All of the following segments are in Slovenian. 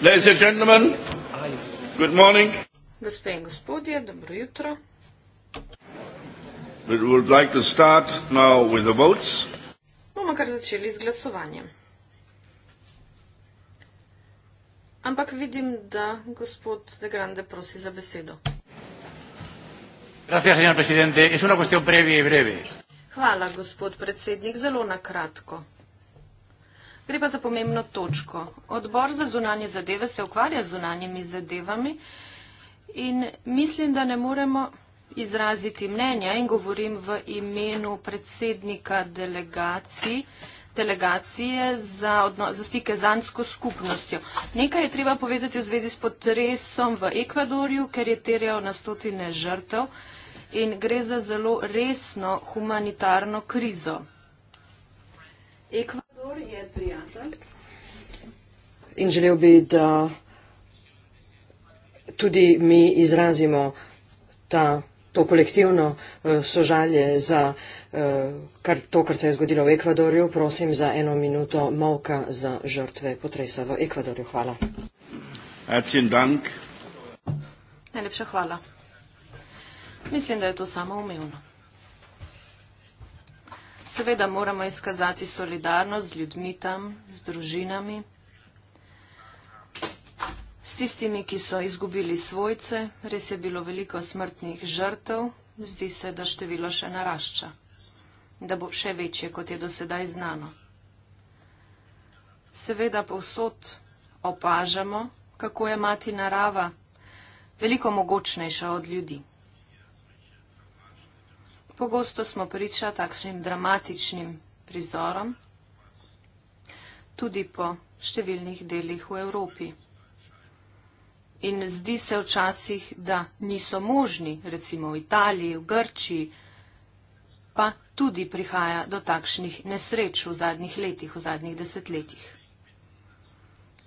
Ladies and gentlemen, good morning. Gospe in gospodje, dobro jutro. We would like to start now with the votes. Bomo kar začeli z glasovanjem. Ampak vidim, da gospod De Grande prosi za besedo. Gracias, señor presidente. Es una cuestión previa y breve. Hvala, gospod predsednik, zelo na kratko. Gre pa za pomembno točko. Odbor za zunanje zadeve se ukvarja z zunanjimi zadevami in mislim, da ne moremo izraziti mnenja in govorim v imenu predsednika delegacij, delegacije za, odno, za stike z ansko skupnostjo. Nekaj je treba povedati v zvezi s potresom v Ekvadorju, ker je terjal na stotine žrtev in gre za zelo resno humanitarno krizo. Ekva Igor je prijatelj. In želel bi, da tudi mi izrazimo ta, to kolektivno eh, sožalje za eh, kar, to, kar se je zgodilo v Ekvadorju. Prosim za eno minuto molka za žrtve potresa v Ekvadorju. Hvala. Najlepša hvala. Mislim, da je to samoumevno seveda moramo izkazati solidarnost z ljudmi tam, z družinami, s tistimi, ki so izgubili svojce. Res je bilo veliko smrtnih žrtev, zdi se, da število še narašča, da bo še večje, kot je do sedaj znano. Seveda povsod opažamo, kako je mati narava veliko mogočnejša od ljudi pogosto smo priča takšnim dramatičnim prizorom, tudi po številnih delih v Evropi. In zdi se včasih, da niso možni, recimo v Italiji, v Grčiji, pa tudi prihaja do takšnih nesreč v zadnjih letih, v zadnjih desetletjih.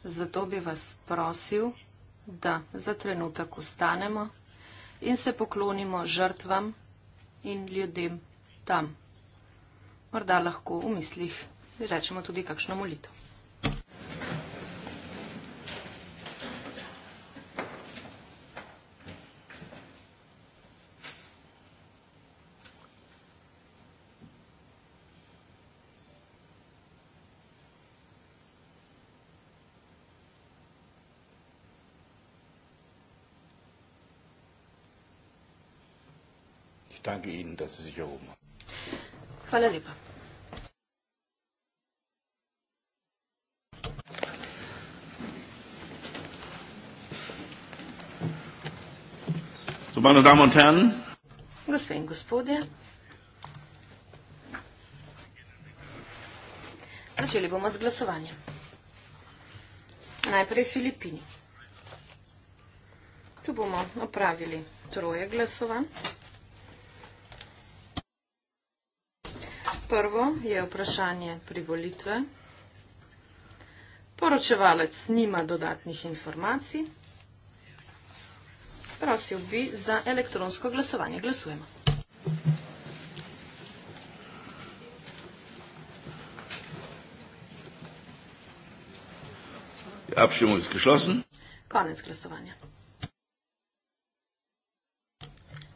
Zato bi vas prosil, da za trenutek ustanemo in se poklonimo žrtvam in ljudem tam. Morda lahko v mislih rečemo tudi kakšno molitev. Ich danke Ihnen, dass Sie sich erhoben haben. Hvala lepa. So, meine Damen und Herren, Gospodin, gospodje, začeli bomo z glasovanjem. Najprej Filipini. Tu bomo opravili troje glasovanj. Prvo je vprašanje privolitve. Poročevalec nima dodatnih informacij. Prosil bi za elektronsko glasovanje. Glasujemo. Abšemo izkašlosen. Konec glasovanja.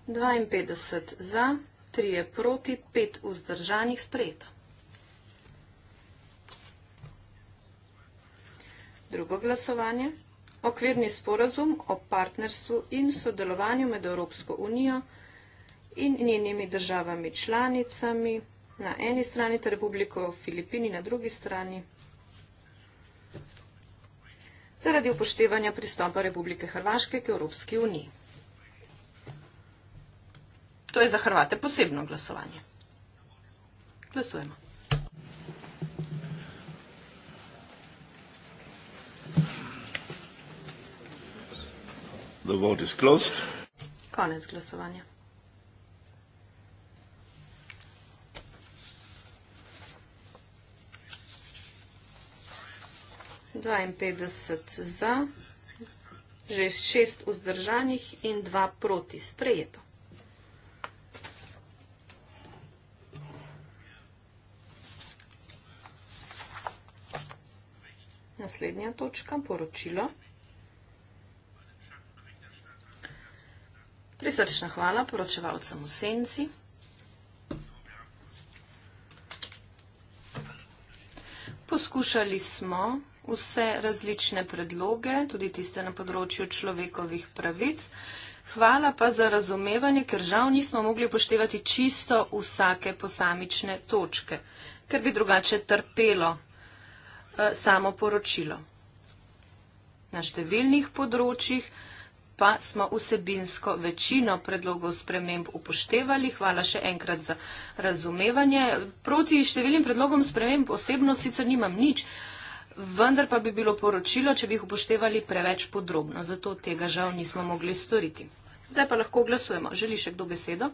52 za, 3 je proti, 5 vzdržanih sprejeto. Drugo glasovanje. Okvirni sporazum o partnerstvu in sodelovanju med Evropsko unijo in njenimi državami članicami na eni strani ter Republiko Filipini na drugi strani. Zaradi upoštevanja pristopa Republike Hrvaške k Evropski uniji. To je za Hrvate posebno glasovanje. Glasujemo. The vote is closed. Konec glasovanja. Dvainpetdeset za, že šest vzdržanih in dva proti sprejeto. Naslednja točka, poročilo. Prisrčna hvala poročevalcem v senci. Poskušali smo vse različne predloge, tudi tiste na področju človekovih pravic. Hvala pa za razumevanje, ker žal nismo mogli upoštevati čisto vsake posamične točke, ker bi drugače trpelo Eh, samo poročilo. Na številnih področjih pa smo vsebinsko večino predlogov sprememb upoštevali. Hvala še enkrat za razumevanje. Proti številnim predlogom sprememb osebno sicer nimam nič, vendar pa bi bilo poročilo, če bi jih upoštevali preveč podrobno. Zato tega žal nismo mogli storiti. Zdaj pa lahko glasujemo. Želi še kdo besedo?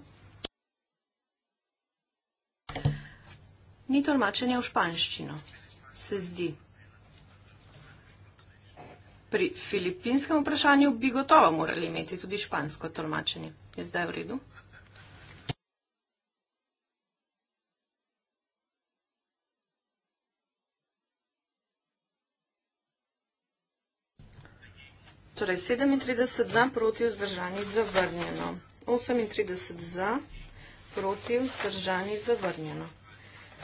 Ni tolmačenja v španščino se zdi? Pri filipinskem vprašanju bi gotovo morali imeti tudi špansko tolmačenje. Je zdaj v redu? Torej 37 za, proti vzdržani zavrnjeno. 38 za, proti vzdržani zavrnjeno.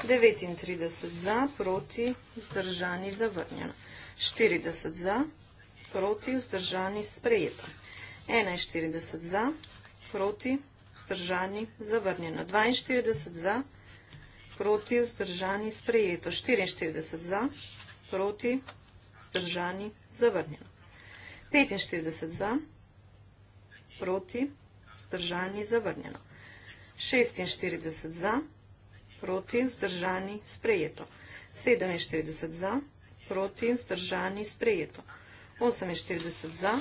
39 za, proti, zdržani, zavrnjeno. 40 za, proti, zdržani, sprejeto. 41 za, proti, zdržani, zavrnjeno. 42 za, proti, zdržani, sprejeto. 44 za, proti, zdržani, zavrnjeno. 45 za, proti, zdržani, zavrnjeno. 46 za, proti, zdržani, zavrnjeno proti, vzdržani, sprejeto. 47 za, proti, vzdržani, sprejeto. 48 za,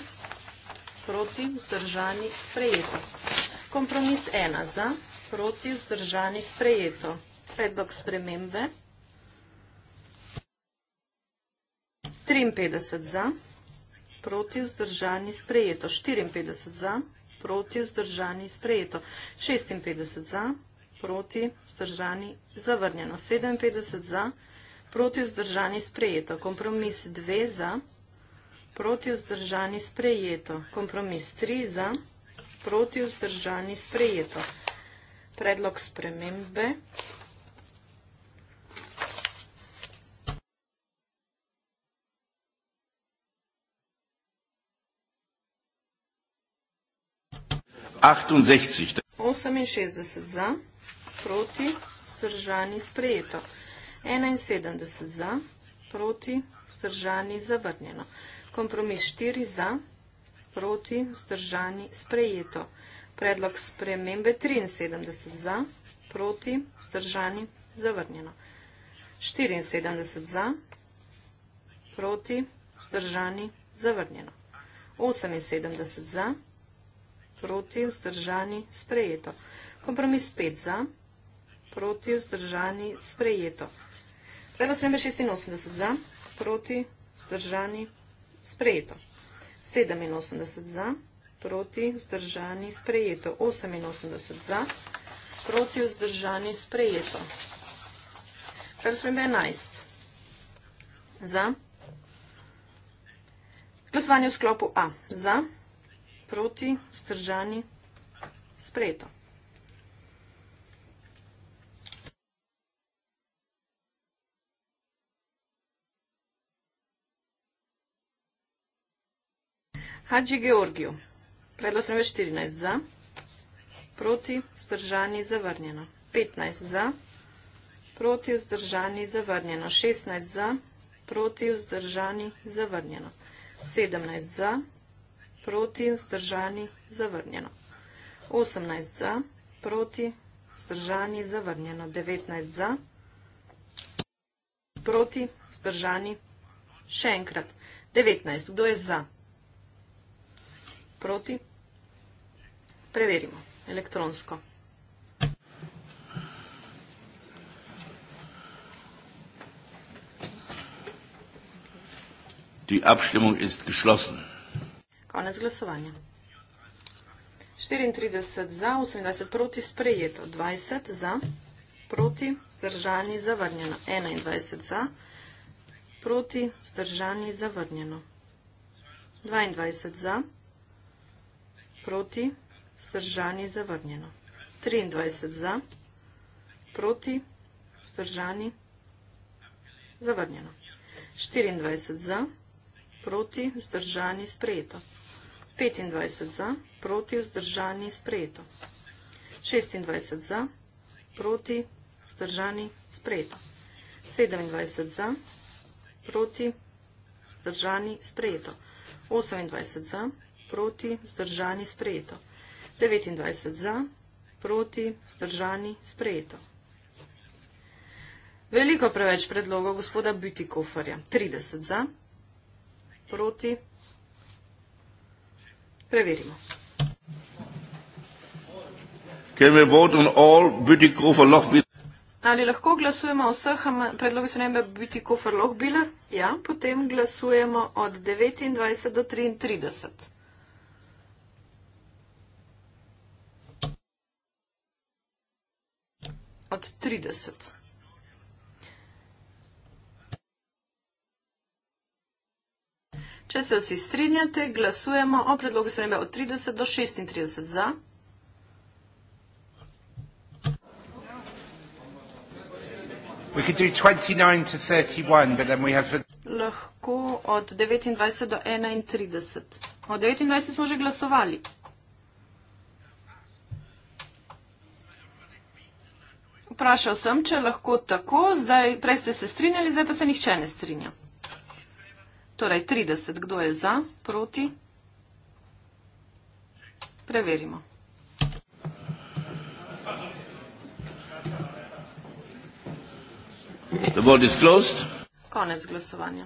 proti, vzdržani, sprejeto. Kompromis 1 za, proti, vzdržani, sprejeto. Predlog spremembe. 53 za, proti, vzdržani, sprejeto. 54 za, proti, vzdržani, sprejeto. 56 za, proti, vzdržani, sprejeto proti, vzdržani, zavrnjeno. 57 za, proti, vzdržani, sprejeto. Kompromis 2 za, proti, vzdržani, sprejeto. Kompromis 3 za, proti, vzdržani, sprejeto. Predlog spremembe. Achtundsechzig. 68 za, proti, vzdržani, sprejeto. 71 za, proti, vzdržani, zavrnjeno. Kompromis 4 za, proti, vzdržani, sprejeto. Predlog spremembe 73 za, proti, vzdržani, zavrnjeno. 74 za, proti, vzdržani, zavrnjeno. 78 za, proti, vzdržani, sprejeto. Kompromis 5 za, proti, vzdržani, sprejeto proti, vzdržani, sprejeto. Predlog sprejme 86 za, proti, vzdržani, sprejeto. 87 za, proti, vzdržani, sprejeto. 88 za, proti, vzdržani, sprejeto. Predlog sprejme 11 za, glasovanje v sklopu A za, proti, vzdržani, sprejeto. Hadži Georgiju. Predlog sem več 14 za. Proti, zdržani, zavrnjeno. 15 za. Proti, vzdržani, zavrnjeno. 16 za. Proti, vzdržani, zavrnjeno. 17 za. Proti, vzdržani, zavrnjeno. 18 za. Proti, vzdržani, zavrnjeno. 19 za. Proti, vzdržani, še enkrat. 19. Kdo je za? 19 proti. Preverimo elektronsko. Die Abstimmung ist geschlossen. Konec glasovanja. 34 za, 28 proti sprejeto, 20 za, proti zdržani zavrnjeno, 21 za, proti zdržani zavrnjeno, 22 za proti, vzdržani, zavrnjeno. 23 za, proti, vzdržani, zavrnjeno. 24 za, proti, vzdržani, sprejeto. 25 za, proti, vzdržani, sprejeto. 26 za, proti, vzdržani, sprejeto. 27 za, proti, vzdržani, sprejeto. 28 za, proti, vzdržani, sprejeto proti, zdržani, sprejeto. 29 za, proti, zdržani, sprejeto. Veliko preveč predlogov gospoda Bütikofarja. 30 za, proti, preverimo. Ali lahko glasujemo o vseh predlogih sprejembe Bütikofer Lohbiler? Ja, potem glasujemo od 29 do 33. od 30. Če se vsi strinjate, glasujemo o predlogu spremembe od 30 do 36 za. We could do 29 to 31, but then we have... Lahko od 29 do 31. Od 29 smo že glasovali. vprašal sem, če lahko tako, zdaj prej ste se strinjali, zdaj pa se nihče ne strinja. Torej 30, kdo je za, proti? Preverimo. The vote is closed. Konec glasovanja.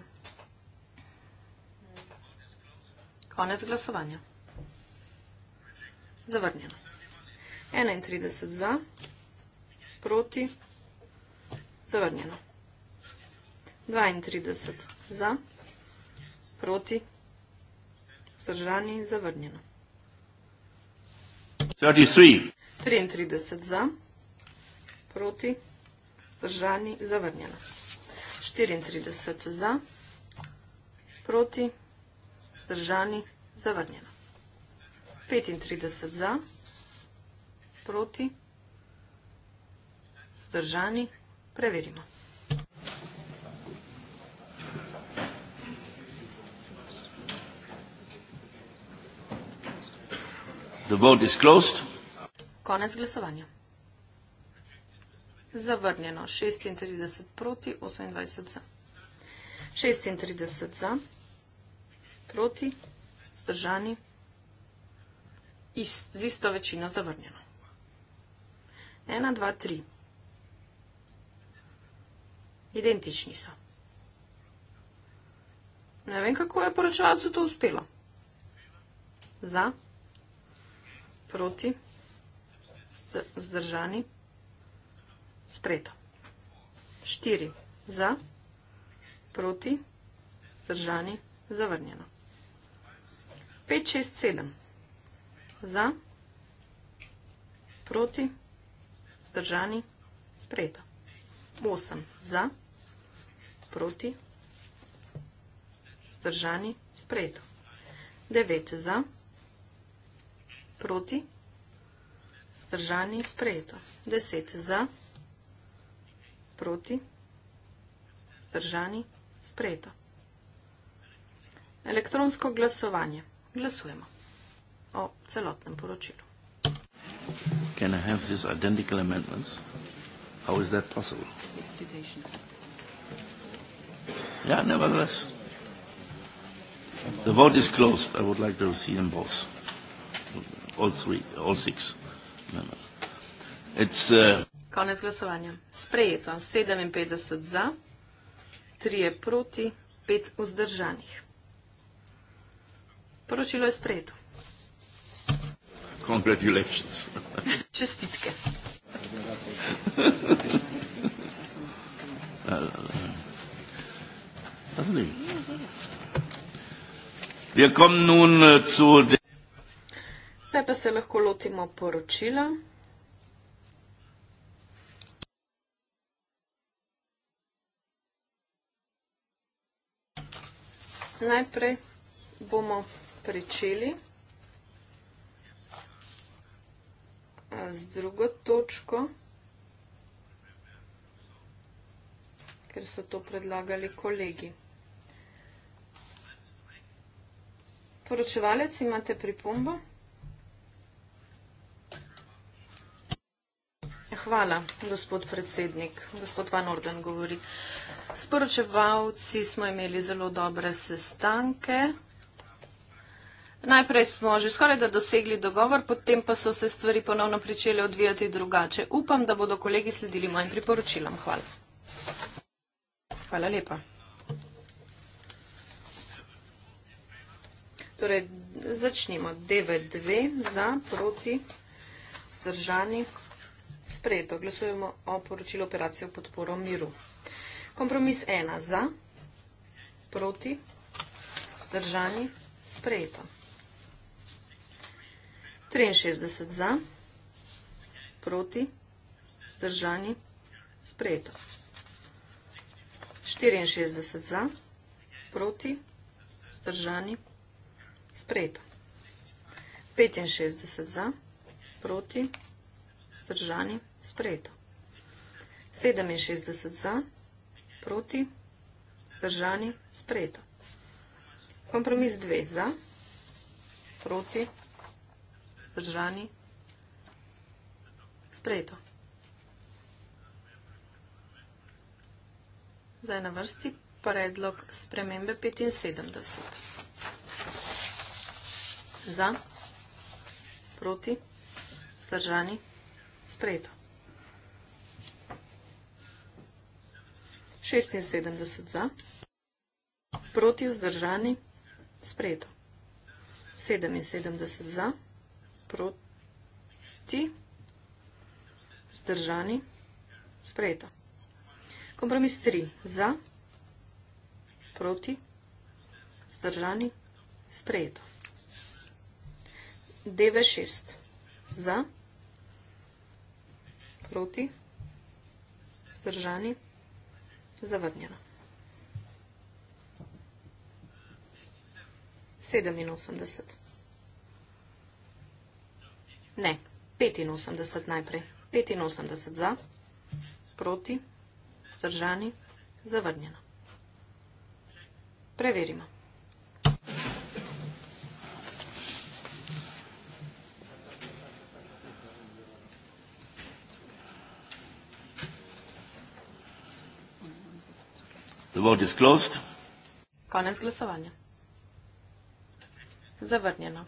Konec glasovanja. Zavrnjeno. 31 za proti, zavrnjeno. 32 za, proti, vzdržani, zavrnjeno. 33 za, proti, vzdržani, zavrnjeno. 34 za, proti, vzdržani, zavrnjeno. 35 za, proti, vzdržani, zavrnjeno vzdržani. Preverimo. The vote is closed. Konec glasovanja. Zavrnjeno 36 proti 28 za. 36 za, proti, zdržani, iz, z isto večino zavrnjeno. 1, 2, 3 identični so. Ne vem, kako je poročevalcu to uspelo. Za, proti, zdržani, spreto. Štiri, za, proti, zdržani, zavrnjeno. Pet, šest, sedem. Za, proti, zdržani, spreto. 8 za, proti, vzdržani, sprejeto. 9 za, proti, vzdržani, sprejeto. 10 za, proti, vzdržani, sprejeto. Elektronsko glasovanje. Glasujemo o celotnem poročilu. Can I have these identical amendments? How is that possible? Excitations. Yeah, nevertheless. The vote is closed. I would like to see them both. All three, all six members. It's. Uh, Konec glasovanja. Sprejeto 57 za, 3 je proti, 5 vzdržanih. Poročilo je sprejeto. Congratulations. Čestitke. Wir kommen nun äh, zu Zdaj pa se lahko lotimo poročila. Najprej bomo pričeli z drugo točko. ker so to predlagali kolegi. Poročevalec, imate pripombo? Hvala, gospod predsednik. Gospod Van Orden govori. S poročevalci smo imeli zelo dobre sestanke. Najprej smo že skoraj da dosegli dogovor, potem pa so se stvari ponovno pričele odvijati drugače. Upam, da bodo kolegi sledili mojim priporočilom. Hvala. Hvala lepa. Torej, začnimo. 9-2 za, proti, zdržani, sprejeto. Glasujemo o poročilu operacije v podporo miru. Kompromis 1 za, proti, zdržani, sprejeto. 63 za, proti, zdržani, sprejeto. 64 za, proti, vzdržani, sprejeto. 65 za, proti, vzdržani, sprejeto. 67 za, proti, vzdržani, sprejeto. Kompromis 2 za, proti, vzdržani, sprejeto. da je na vrsti predlog spremembe 75. Za, proti, zdržani, sprejeto. 76 za, proti, vzdržani, sprejeto. 77 za, proti, zdržani, sprejeto. Kompromis 3. Za, proti, zdržani, sprejeto. DV6. Za, proti, zdržani, zavrnjeno. 87. Ne, 85 najprej. 85 za, proti, zdržani vzdržani, zavrnjeno. Preverimo. The vote is closed. Konec glasovanja. Zavrnjeno.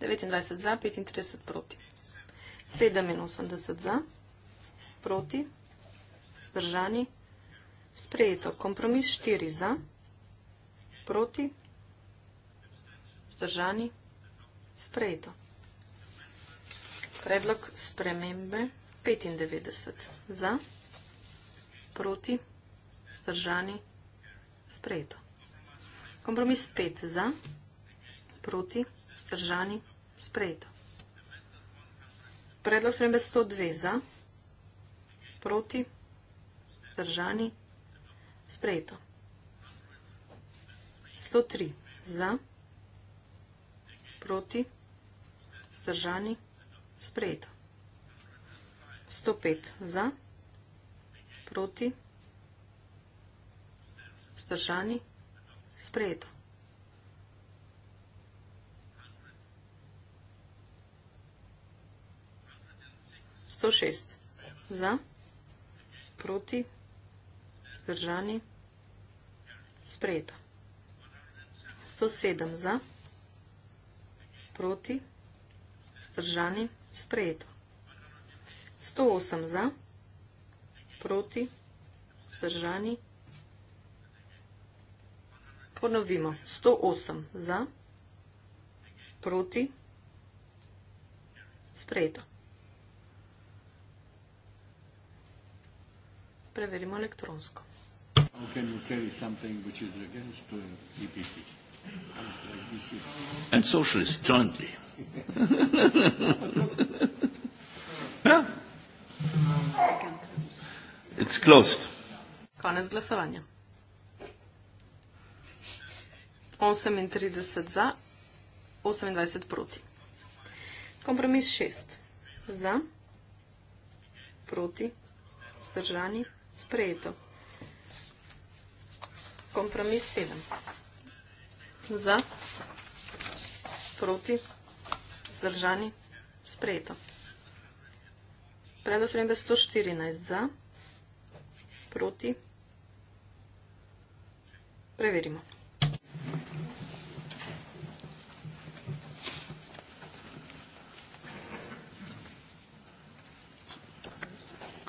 29 za, 35 proti. 87 za, proti vzdržani. Sprejeto. Kompromis 4 za, proti, vzdržani, sprejeto. Predlog spremembe 95 za, proti, vzdržani, sprejeto. Kompromis 5 za, proti, vzdržani, sprejeto. Predlog spremembe 102 za, proti, vzdržani, sprejeto vzdržani. Sprejeto. 103 za, proti, vzdržani, sprejeto. 105 za, proti, vzdržani, sprejeto. 106 za, proti, vzdržani, sprejeto vzdržani. Sprejeto. 107 za, proti, vzdržani, sprejeto. 108 za, proti, vzdržani, ponovimo. 108 za, proti, sprejeto. Preverimo elektronsko. How can you carry something which is against the uh, EPP? And socialists jointly. It's closed. Konec glasovanja. 38 za, 28 proti. Kompromis 6. Za, proti, zdržani, sprejeto kompromis 7. Za, proti, zdržani, sprejeto. Predlog spremembe 114 za, proti, preverimo.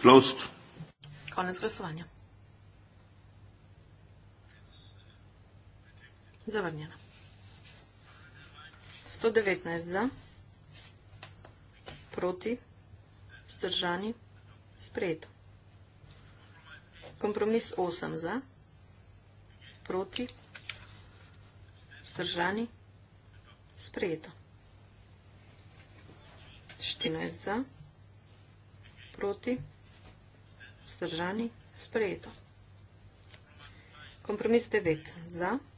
Closed. Konec glasovanja. Zavrnjena. 119 za, proti, vzdržani, sprejeto. Kompromis 8 za, proti, vzdržani, sprejeto. 14 za, proti, vzdržani, sprejeto. Kompromis 9 za, proti, vzdržani, sprejeto.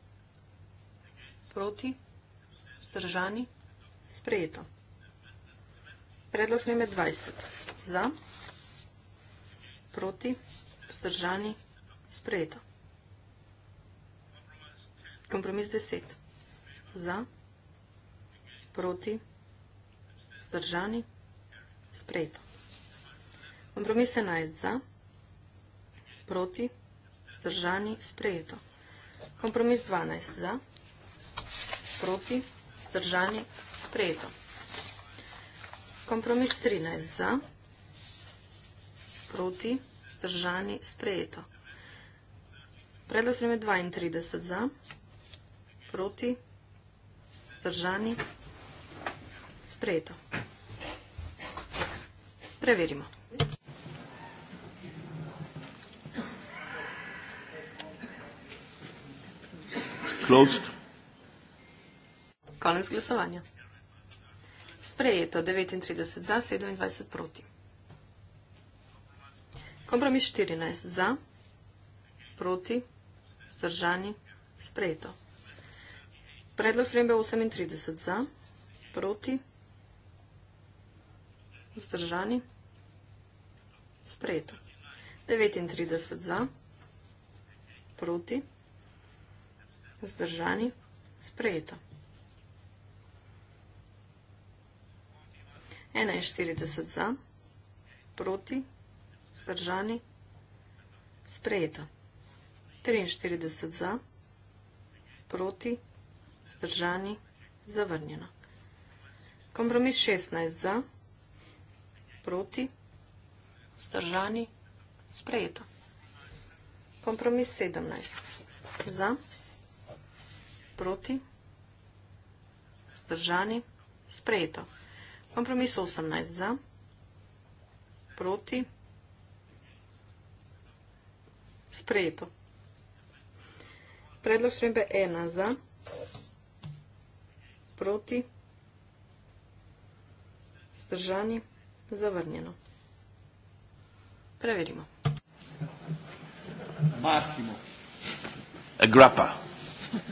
Proti? Vzdržani? Sprejeto. Predlog sprejme 20. Za? Proti? Vzdržani? Sprejeto. Kompromis 10. Za? Proti? Vzdržani? Sprejeto. Kompromis 11. Za? Proti? Vzdržani? Sprejeto. Kompromis 12. Za? Proti, vzdržani, sprejeto. Kompromis 13 za, proti, vzdržani, sprejeto. Predlog sprejme 32 za, proti, vzdržani, sprejeto. Preverimo. Closed. Konec glasovanja. Sprejeto 39 za, 27 proti. Kompromis 14 za, proti, zdržani, sprejeto. Predlog srembe 38 za, proti, zdržani, sprejeto. 39 za, proti, zdržani, sprejeto. 41 za, proti, vzdržani, sprejeto. 43 za, proti, vzdržani, zavrnjeno. Kompromis 16 za, proti, vzdržani, sprejeto. Kompromis 17 za, proti, vzdržani, sprejeto. Kompromiso 18 za, proti, sprejeto. Predlog srembe 1 za, proti, stržani, zavrnjeno. Preverimo. Massimo. A grappa.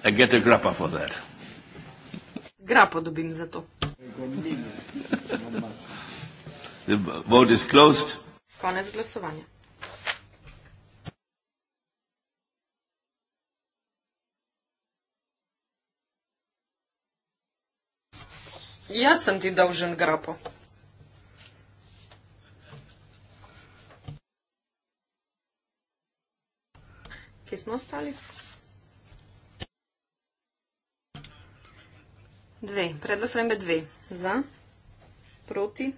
I get a grappa for that. Grappo dobim za to. The vote is closed. Konec glasovanja. Jaz sem ti dolžen grapo. Kje smo ostali? Dve. Predlo srembe dve za, proti,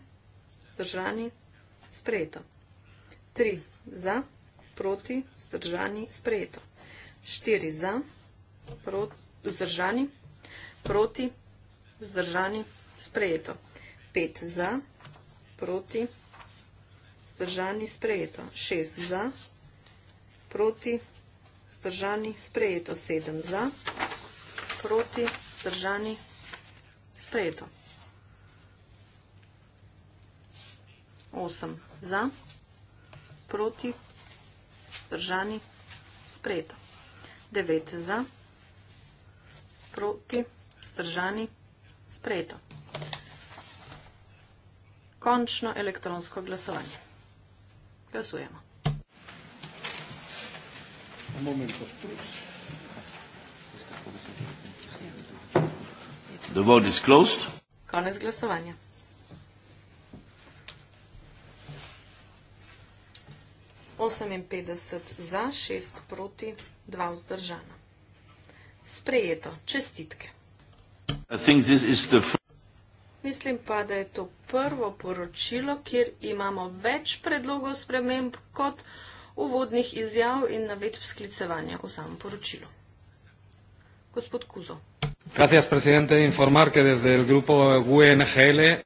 vzdržani, sprejeto. 3 za, proti, vzdržani, sprejeto. 4 za, proti, vzdržani, proti, vzdržani, sprejeto. 5 za, proti, vzdržani, sprejeto. 6 za, proti, vzdržani, sprejeto. 7 za, proti, vzdržani, sprejeto. 8 za, proti, držani, sprejeto. 9 za, proti, držani, sprejeto. Končno elektronsko glasovanje. Glasujemo. The vote is closed. Konec glasovanja. 58 za, 6 proti, 2 vzdržana. Sprejeto. Čestitke. Mislim pa, da je to prvo poročilo, kjer imamo več predlogov sprememb kot uvodnih izjav in navedb sklicevanja v samem poročilu. Gospod Kuzo. Gracias, presidente. Informar, que desde el grupo UNGL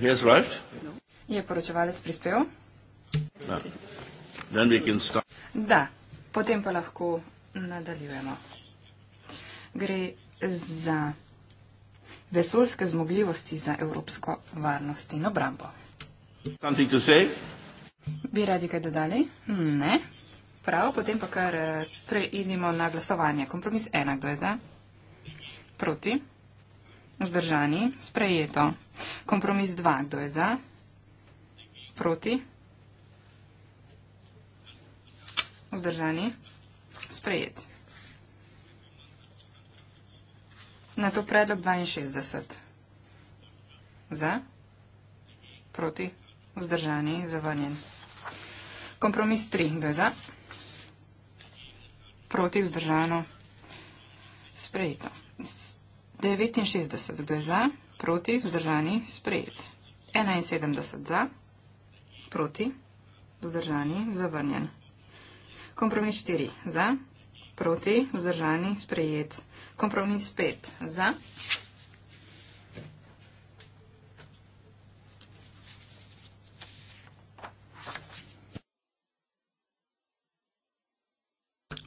He has arrived. Je poročevalec prispel? Ja. Da, potem pa lahko nadaljujemo. Gre za vesoljske zmogljivosti za evropsko varnost in obrambo. Bi radi kaj dodali? Ne. Prav, potem pa kar eh, preidimo na glasovanje. Kompromis ena, kdo je za? Proti? Vzdržani. Sprejeto. Kompromis 2. Kdo je za? Proti? Vzdržani. Sprejet. Na to predlog 62. Za? Proti? Vzdržani. Zavrnjen. Kompromis 3. Kdo je za? Proti? Vzdržano. Sprejeto. 69 je za, proti, vzdržani, sprejet. 71 za, proti, vzdržani, zavrnjen. Kompromis 4 za, proti, vzdržani, sprejet. Kompromis 5 za.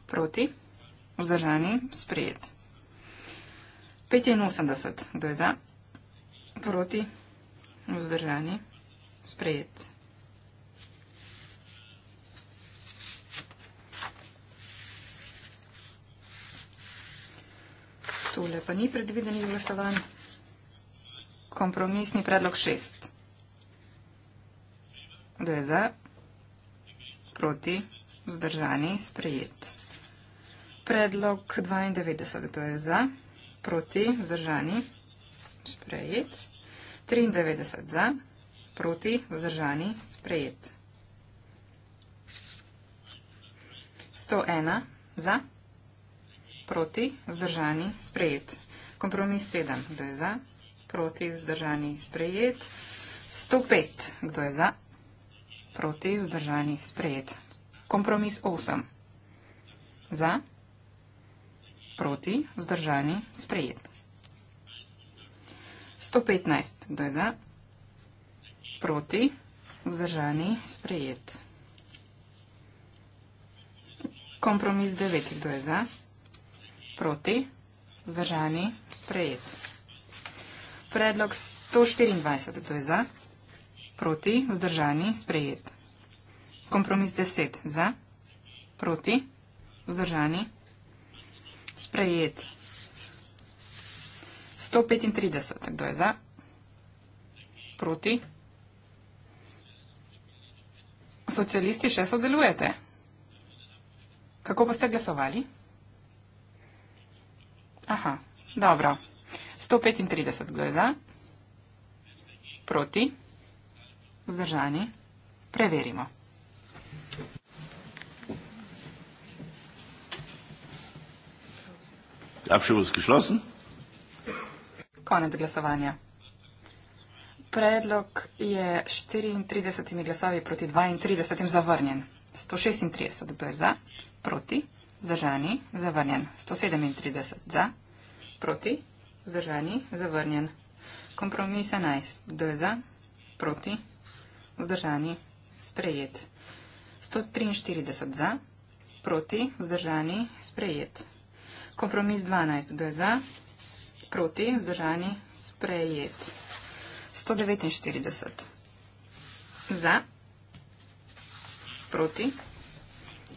Proti, vzdržani, sprejet. 85. Kdo je za? Proti? Vzdržani? Sprejet. Tole pa ni predvideni glasovan. Kompromisni predlog 6. Kdo je za? Proti? Vzdržani? Sprejet. Predlog 92. Kdo je za? Proti? proti, vzdržani, sprejet. 93 za, proti, vzdržani, sprejet. 101 za, proti, vzdržani, sprejet. Kompromis 7, kdo je za, proti, vzdržani, sprejet. 105, kdo je za, proti, vzdržani, sprejet. Kompromis 8, za, proti, vzdržani, sprejet. Proti, vzdržani, sprejet. 115, kdo je za? Proti, vzdržani, sprejet. Kompromis 9, kdo je za? Proti, vzdržani, sprejet. Predlog 124, kdo je za? Proti, vzdržani, sprejet. Kompromis 10, za? Proti, vzdržani, sprejet. Sprejeti. 135. Kdo je za? Proti? Socialisti še sodelujete? Kako boste glasovali? Aha, dobro. 135. Kdo je za? Proti? Vzdržani? Preverimo. Abstimmung ist geschlossen. Konec glasovanja. Predlog je 34 glasovi proti 32 zavrnjen. 136, to je za, proti, zdržani, zavrnjen. 137 za, proti, zdržani, zavrnjen. Kompromis 11, to je za, proti, zdržani, sprejet. 143 za, proti, zdržani, sprejet. Kompromis 12. Kdo je za? Proti? Vzdržani? Sprejet. 149. Za? Proti?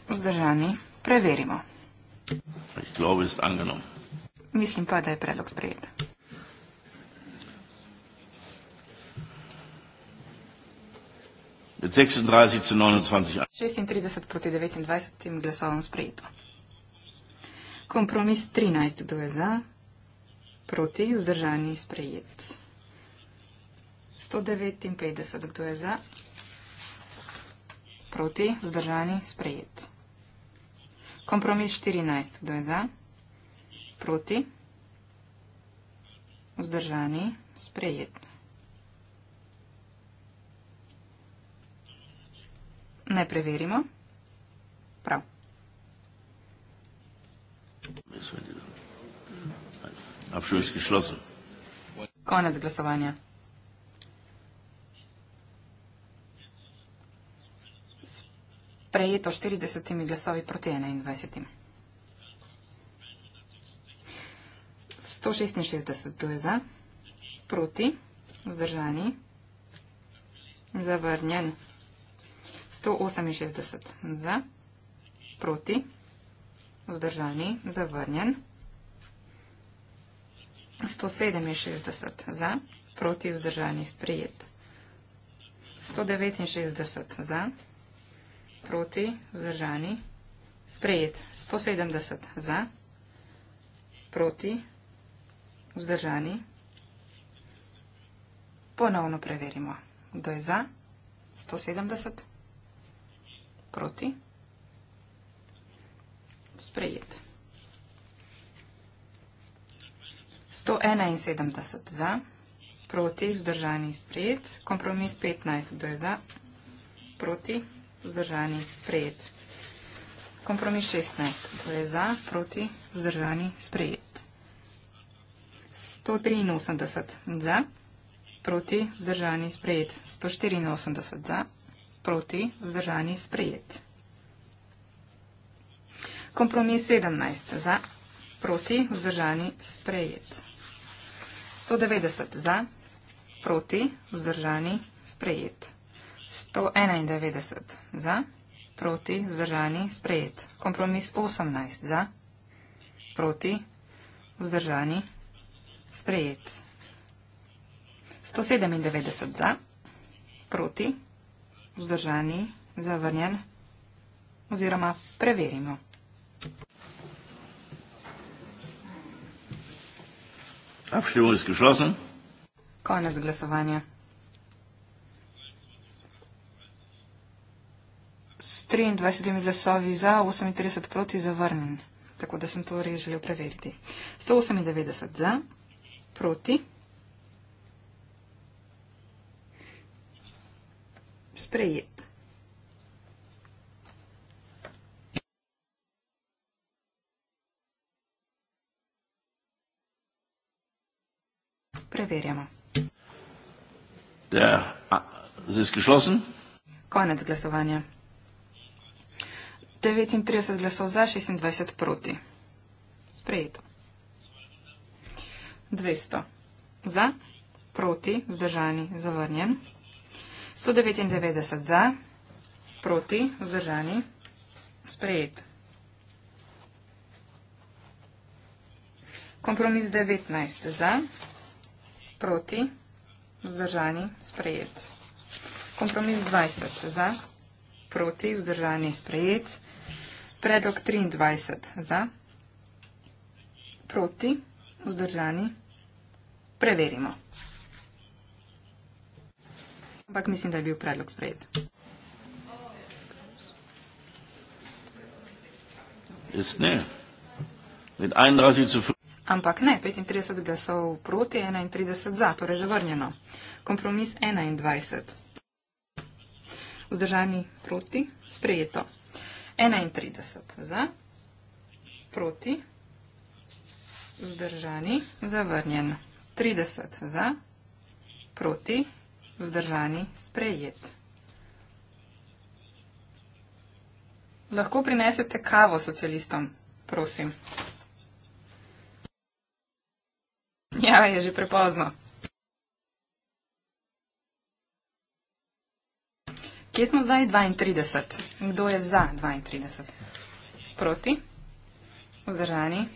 Vzdržani? Preverimo. Mislim pa, da je predlog sprejet. Mit 36 zu 29. 36 proti 29 glasovom sprejeto. Kompromis 13, kdo je za, proti, vzdržani, sprejet. 159, kdo je za, proti, vzdržani, sprejet. Kompromis 14, kdo je za, proti, vzdržani, sprejet. Ne preverimo. Prav. Konec glasovanja. Prejeto 40 glasovi proti 21. 166 je za, proti, vzdržani, zavrnjen. 168 za, proti vzdržani, zavrnjen. 167 za, proti vzdržani, sprijet. 169 za, proti vzdržani, sprijet. 170 za, proti vzdržani. Ponovno preverimo, kdo je za, 170, proti vzdržani sprejet. 171 za, proti, vzdržani sprejet, kompromis 15, kdo je za, proti, vzdržani sprejet. Kompromis 16, kdo je za, proti, vzdržani sprejet. 183 za, proti, vzdržani sprejet, 184 za, proti, vzdržani sprejet. Kompromis 17 za, proti, vzdržani, sprejet. 190 za, proti, vzdržani, sprejet. 191 za, proti, vzdržani, sprejet. Kompromis 18 za, proti, vzdržani, sprejet. 197 za, proti, vzdržani, zavrnjen oziroma preverimo. Abstimmung ist geschlossen. Konnes glasovanje. S 23 glasovi za, 38 proti zavrnjen. Tako da sem to res želel preveriti. 198 za, proti. Sprejet. preverjamo. Ja, Konec glasovanja. 39 glasov za, 26 proti. Sprejeto. 200 za, proti, vzdržani, zavrnjen. 199 za, proti, vzdržani, sprejet. Kompromis 19 za, proti, vzdržani, sprejet. Kompromis 20 za, proti, vzdržani, sprejet. Predlog 23 za, proti, vzdržani, preverimo. Ampak mislim, da je bil predlog sprejet. Ist ne. Mit 31 zufrieden. Ampak ne, 35 glasov proti, 31 za, torej zavrnjeno. Kompromis 21. Vzdržani proti, sprejeto. 31 za, proti, vzdržani, zavrnjen. 30 za, proti, vzdržani, sprejet. Lahko prinesete kavo socialistom, prosim. Ja, je že prepozno. Kje smo zdaj 32? Kdo je za 32? Proti? Vzdržani?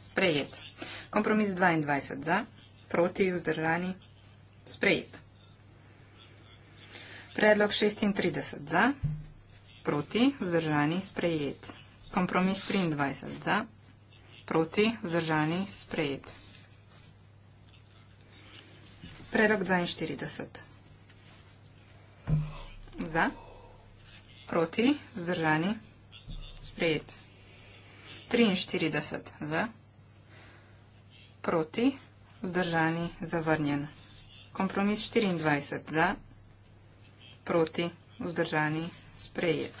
Sprejet. Kompromis 22 za, proti, vzdržani, sprejet. Predlog 36 za, proti, vzdržani, sprejet. Kompromis 23 za, Proti vzdržani sprejet. Predlog 42. Za. Proti vzdržani sprejet. 43. Za. Proti vzdržani zavrnjen. Kompromis 24. Za. Proti vzdržani sprejet.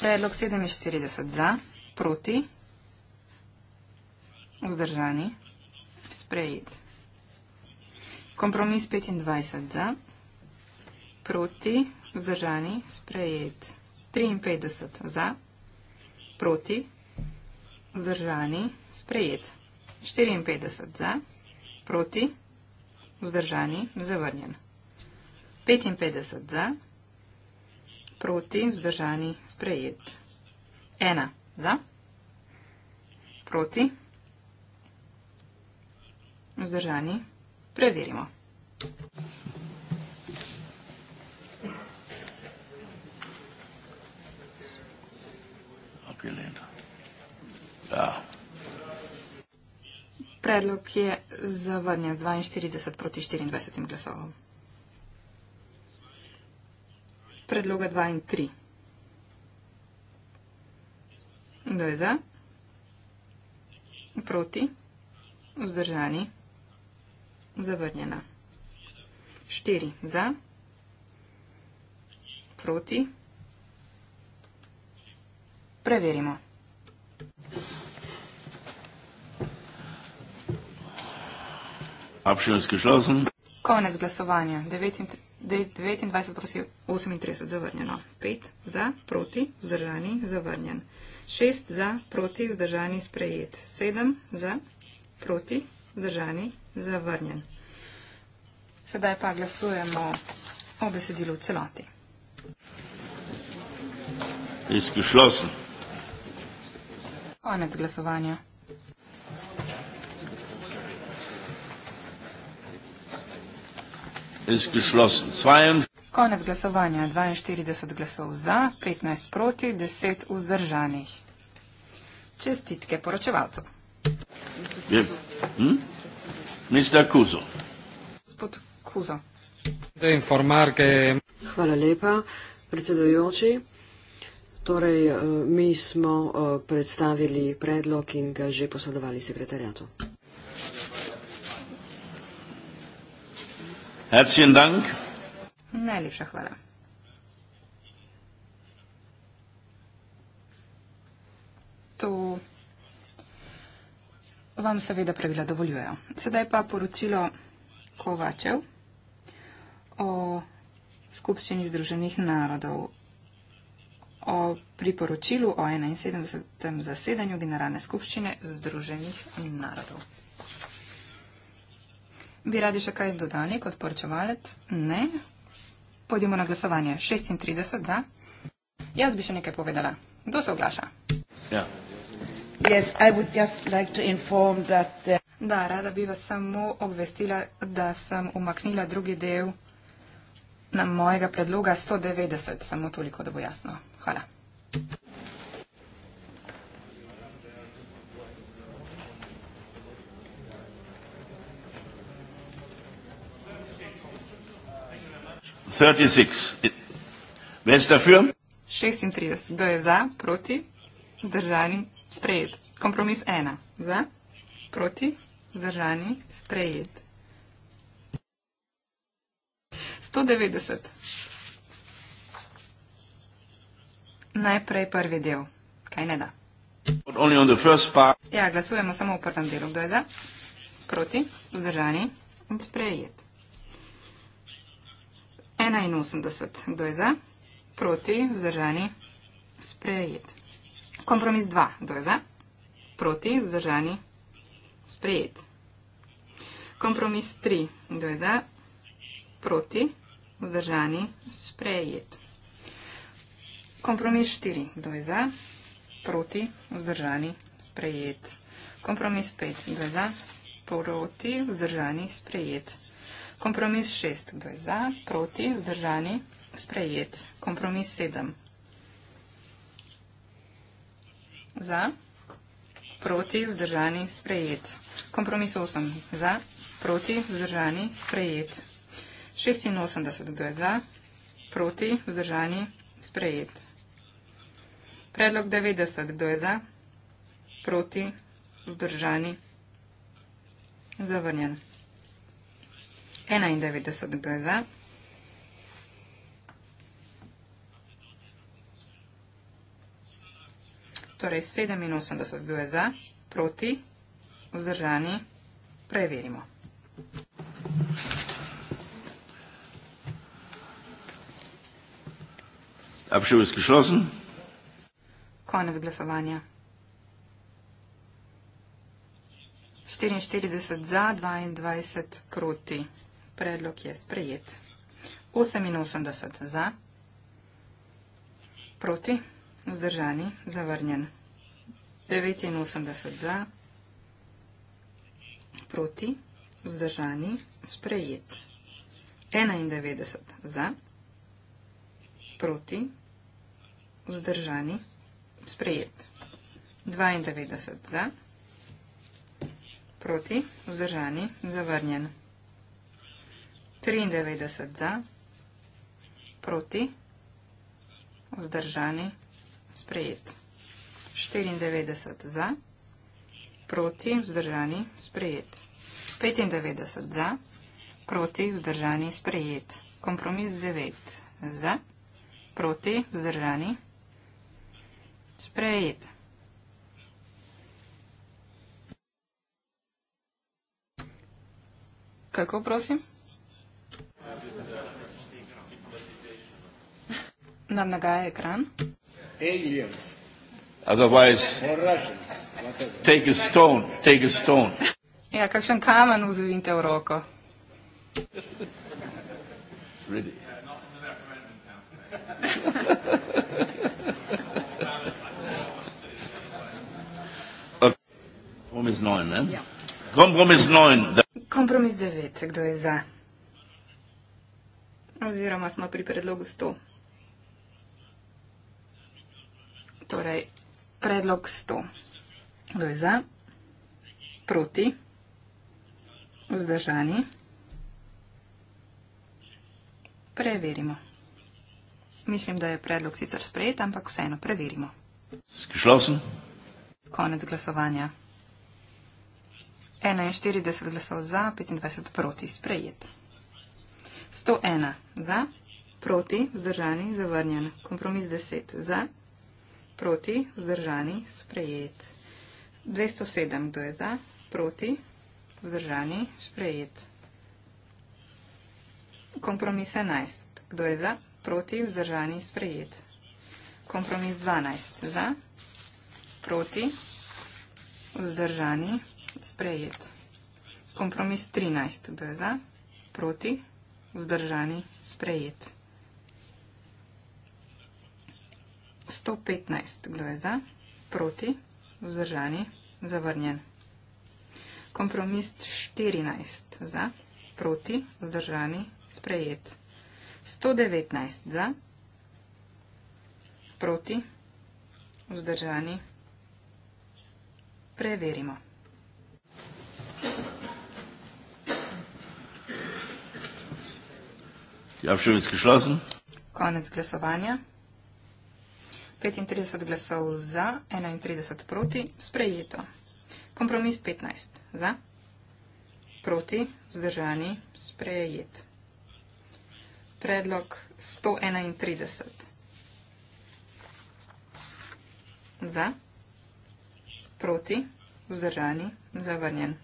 Predlog 47. Za. Proti vzdržani sprejet vzdržani, sprejet. Kompromis 25 za, proti, vzdržani, sprejet. 53 za, proti, vzdržani, sprejet. 54 za, proti, vzdržani, zavrnjen. 55 za, proti, vzdržani, sprejet. 1 za, proti, vzdržani. Vzdržani. Preverimo. Ja. Predlog je zavrnjen z 42 proti 24 glasovom. Predloga 2 in 3. Kdo je za? Proti? Vzdržani? Zavrnjena. Štiri za. Proti. Preverimo. Abšilski šlosen. Konec glasovanja. 29 proti 38 zavrnjeno. 5 za, proti, vzdržani, zavrnjen. 6 za, proti, vzdržani, sprejet. 7 za, proti, vzdržani, zavrnjen. Sedaj pa glasujemo o besedilu v celoti. Izkušlo sem. Konec glasovanja. Izkušlo sem. Svajem. Konec glasovanja. 42 glasov za, 15 proti, 10 vzdržanih. Čestitke poročevalcu. Yep. Hm? Mr. Kuzo. Gospod Kuzo. Hvala lepa, predsedojoči. Torej, eh, mi smo eh, predstavili predlog in ga že posredovali sekretarjatu. Herzlichen Dank. Najlepša hvala. To vam seveda pravila dovoljujejo. Sedaj pa poročilo Kovačev o Skupščini Združenih narodov, o priporočilu o 71. zasedanju Generalne skupščine Združenih narodov. Bi radi še kaj dodali kot poročevalec? Ne. Pojdimo na glasovanje. 36 za. Jaz bi še nekaj povedala. Kdo se oglaša? Ja, Yes, I would just like to inform that the... Uh, da, rada bi vas samo obvestila, da sem umaknila drugi del na mojega predloga 190, samo toliko, da bo jasno. Hvala. Šestintrideset. Kdo je za, proti, zdržani? sprejet. Kompromis ena. Za, proti, zdržani, sprejet. 190. Najprej prvi del. Kaj ne da? Ja, glasujemo samo v prvem delu. Kdo je za? Proti, vzdržani in sprejet. 81. Kdo je za? Proti, vzdržani, sprejet. Kompromis 2. Kdo je za? Proti, vzdržani, sprejet. Kompromis 3. Kdo je za? Proti, vzdržani, sprejet. Kompromis 4. Kdo je za? Proti, vzdržani, sprejet. Kompromis 5. Kdo je za? Proti, vzdržani, sprejet. Kompromis 6. Kdo je za? Proti, vzdržani, sprejet. Kompromis 7. Za. Proti. Vzdržani. Sprejet. Kompromis 8. Za. Proti. Vzdržani. Sprejet. 86. Kdo je za? Proti. Vzdržani. Sprejet. Predlog 90. Kdo je za? Proti. Vzdržani. Zavrnjen. 91. Kdo je za? Proti. torej 87 kdo je za, proti, vzdržani, preverimo. Abšivski šlozen. Konec glasovanja. 44 za, 22 proti. Predlog je sprejet. 88 za, proti vzdržani, zavrnjen. 89 za, proti, vzdržani, sprejet. 91 za, proti, vzdržani, sprejet. 92 za, proti, vzdržani, zavrnjen. 93 za, proti, vzdržani, zavrnjen sprejet. 94 za, proti, vzdržani, sprejet. 95 za, proti, vzdržani, sprejet. Kompromis 9 za, proti, vzdržani, sprejet. Kako prosim? Nam nagaja ekran aliens. Otherwise, or Russians, take a stone, take a stone. Ja, kakšen kamen vzvinte v roko. Really. Kompromis 9, ne? Ja. Kompromis 9. Kompromis 9, kdo je za? Oziroma smo pri predlogu 100. Torej, predlog 100. Kdo je za? Proti? Vzdržani? Preverimo. Mislim, da je predlog sicer sprejet, ampak vseeno preverimo. Skišlal sem. Konec glasovanja. 41 glasov za, 25 proti, sprejet. 101 za, proti, vzdržani, zavrnjen. Kompromis 10 za, Proti, vzdržani, sprejet. 207, kdo je za? Proti, vzdržani, sprejet. Kompromis 11, kdo je za? Proti, vzdržani, sprejet. Kompromis 12, za? Proti, vzdržani, sprejet. Kompromis 13, kdo je za? Proti, vzdržani, sprejet. 115 kdo je za, proti, vzdržani, zavrnjen. Kompromis 14 za, proti, vzdržani, sprejet. 119 za, proti, vzdržani, preverimo. Ja, še viske šla sem. Konec glasovanja. 35 glasov za, 31 proti, sprejeto. Kompromis 15. Za, proti, vzdržani, sprejet. Predlog 131. Za, proti, vzdržani, zavrnjen.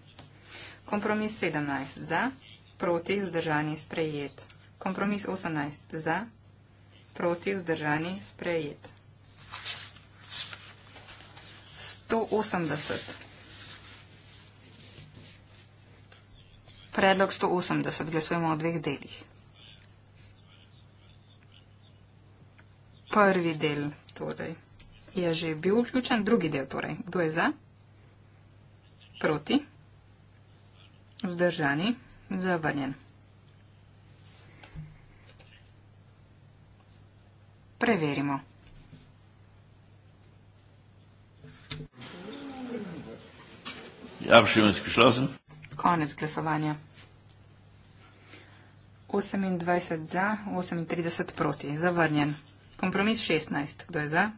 Kompromis 17. Za, proti, vzdržani, sprejet. Kompromis 18. Za, proti, vzdržani, sprejet. 180. Predlog 180. Glasujemo o dveh delih. Prvi del torej, je že bil vključen, drugi del torej. Kdo je za? Proti? Vzdržani? Zavrnjen. Preverimo. Abšimanski ja, šlosen. Konec glasovanja. 28 za, 38 proti. Zavrnjen. Kompromis 16. Kdo je za?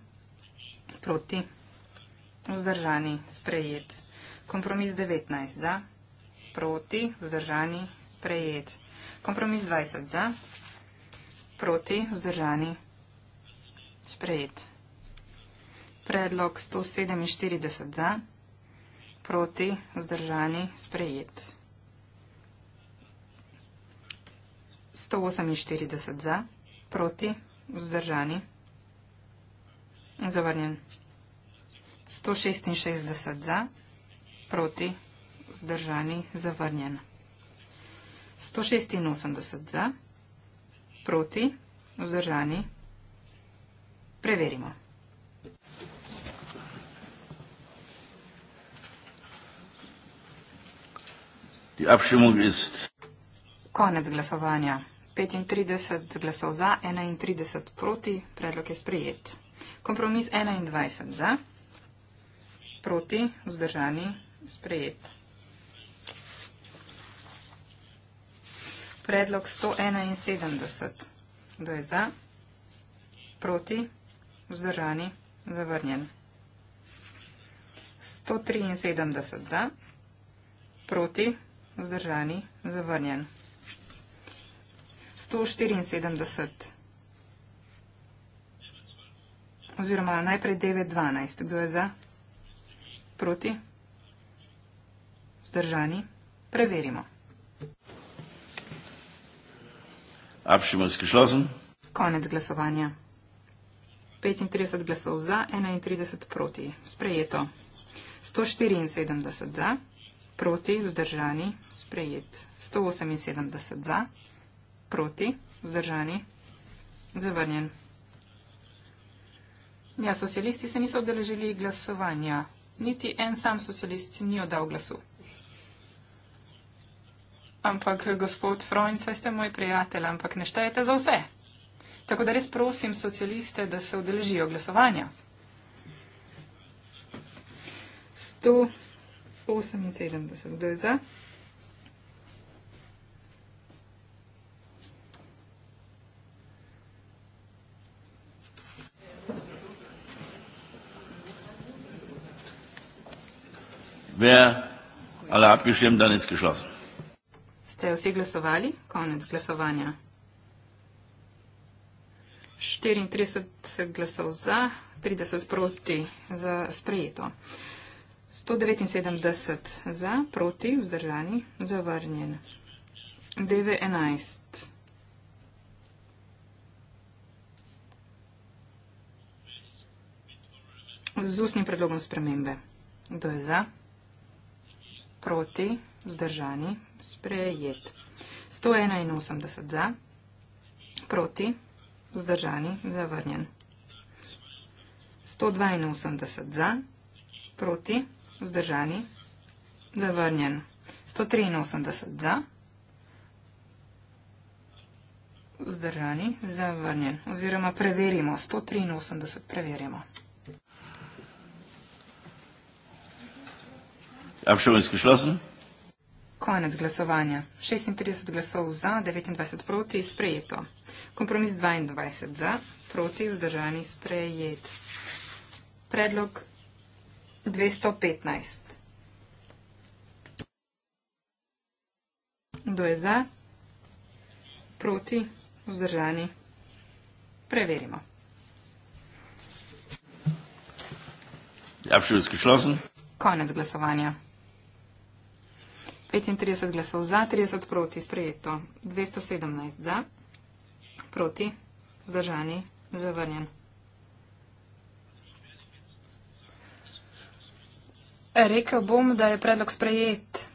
Proti. Vzdržani. Sprejet. Kompromis 19 za. Proti. Vzdržani. Sprejet. Kompromis 20 za. Proti. Vzdržani. Sprejet. Predlog 147 za proti, vzdržani, sprejet. 148 za, proti, vzdržani, zavrnjen. 166 za, proti, vzdržani, zavrnjen. 186 za, proti, vzdržani, preverimo. Die Abstimmung ist. Konec glasovanja. 35 glasov za, 31 proti, predlog je sprejet. Kompromis 21 za, proti, vzdržani, sprejet. Predlog 171, kdo je za, proti, vzdržani, zavrnjen. 173 za, proti, vzdržani vzdržani, zavrnjen. 174. Oziroma najprej 9.12. Kdo je za? Proti? Vzdržani? Preverimo. Konec glasovanja. 35 glasov za, 31 proti. Sprejeto. 174 za proti, vzdržani, sprejet. 178 za, proti, vzdržani, zavrnjen. Ja, socialisti se niso odeležili glasovanja. Niti en sam socialist ni oddal glasu. Ampak gospod Freund, saj ste moj prijatelj, ampak ne štejete za vse. Tako da res prosim socialiste, da se odeležijo glasovanja. 100. 178, kdo je za? Wer alle abgestimmt, dann ist geschlossen. Ste vsi glasovali? Konec glasovanja. 34 glasov za, 30 proti za sprejeto. 179 za, proti, vzdržani, zavrnjen. DV11. Z ustnim predlogom spremembe. Kdo je za? Proti, vzdržani, sprejet. 181 za, proti, vzdržani, zavrnjen. 182 za, proti, vzdržani. Vzdržani. Zavrnjen. 183 za. Vzdržani. Zavrnjen. Oziroma preverimo. 183 preverimo. Konec glasovanja. 36 glasov za, 29 proti, sprejeto. Kompromis 22 za, proti, vzdržani, sprejet. Predlog 215. Kdo je za? Proti? Vzdržani? Preverimo. Konec glasovanja. 35 glasov za, 30 proti, sprejeto. 217 za, proti, vzdržani, zavrnjen. Rekel bom, da je predlog sprejet,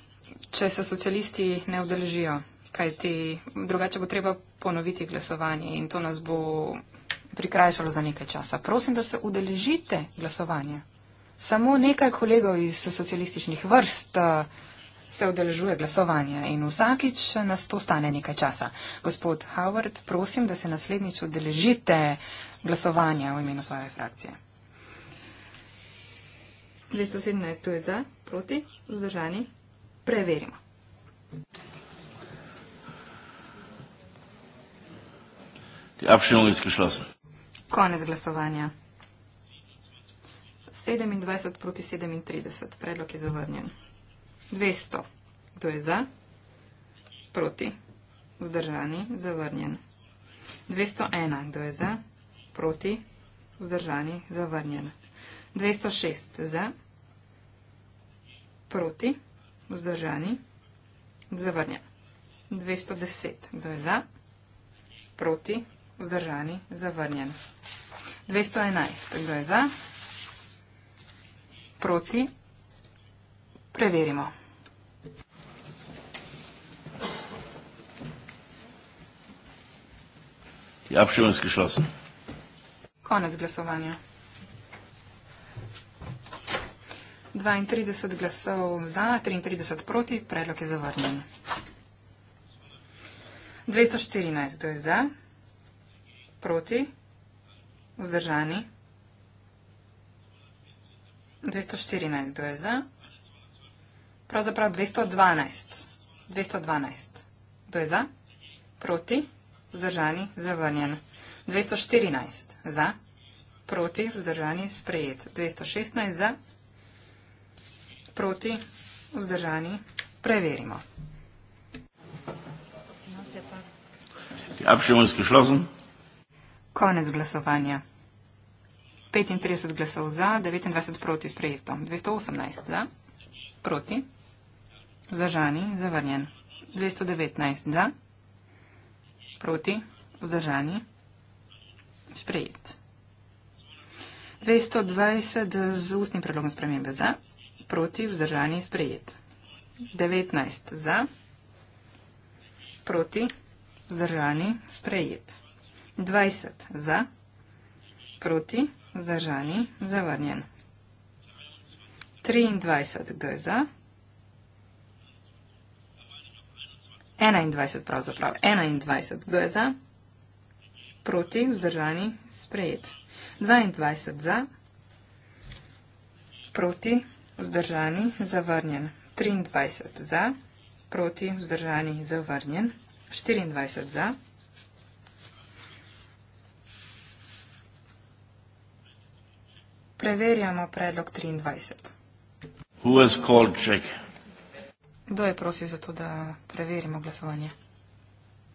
če se socialisti ne vdeležijo, kajti drugače bo treba ponoviti glasovanje in to nas bo prikrajšalo za nekaj časa. Prosim, da se vdeležite glasovanja. Samo nekaj kolegov iz socialističnih vrst eh, se vdeležuje glasovanja in vsakič nas to stane nekaj časa. Gospod Howard, prosim, da se naslednjič vdeležite glasovanja v imenu svoje frakcije. 217, to je za, proti, vzdržani, preverimo. Die Abstimmung ist geschlossen. Konec glasovanja. 27 proti 37. Predlog je zavrnjen. 200. Kdo je za? Proti. Vzdržani. Zavrnjen. 201. Kdo je za? Proti. Vzdržani. Zavrnjen. 206. Za proti, vzdržani, zavrnjen. 210, kdo je za, proti, vzdržani, zavrnjen. 211, kdo je za, proti, preverimo. Ja, v šivanski šlasen. Konec glasovanja. 32 glasov za, 33 proti, predlog je zavrnjen. 214, kdo je za, proti, vzdržani. 214, kdo je za, pravzaprav 212, 212, kdo je za, proti, vzdržani, zavrnjen. 214, za, proti, vzdržani, sprejet. 216, za, proti, vzdržani, preverimo. Konec glasovanja. 35 glasov za, 29 proti sprejeto. 218 za, proti, vzdržani, zavrnjen. 219 za, proti, vzdržani, sprejet. 220 z ustnim predlogom spremembe za proti, vzdržani, sprejet. 19 za, proti, vzdržani, sprejet. 20 za, proti, vzdržani, zavrnjen. 23 kdo je za? 21 pravzaprav, 21 kdo je za? Proti, vzdržani, sprejet. 22 za, proti, vzdržani, sprejet vzdržani, zavrnjen, 23 za, proti, vzdržani, zavrnjen, 24 za. Preverjamo predlog 23. Kdo je prosil za to, da preverimo glasovanje?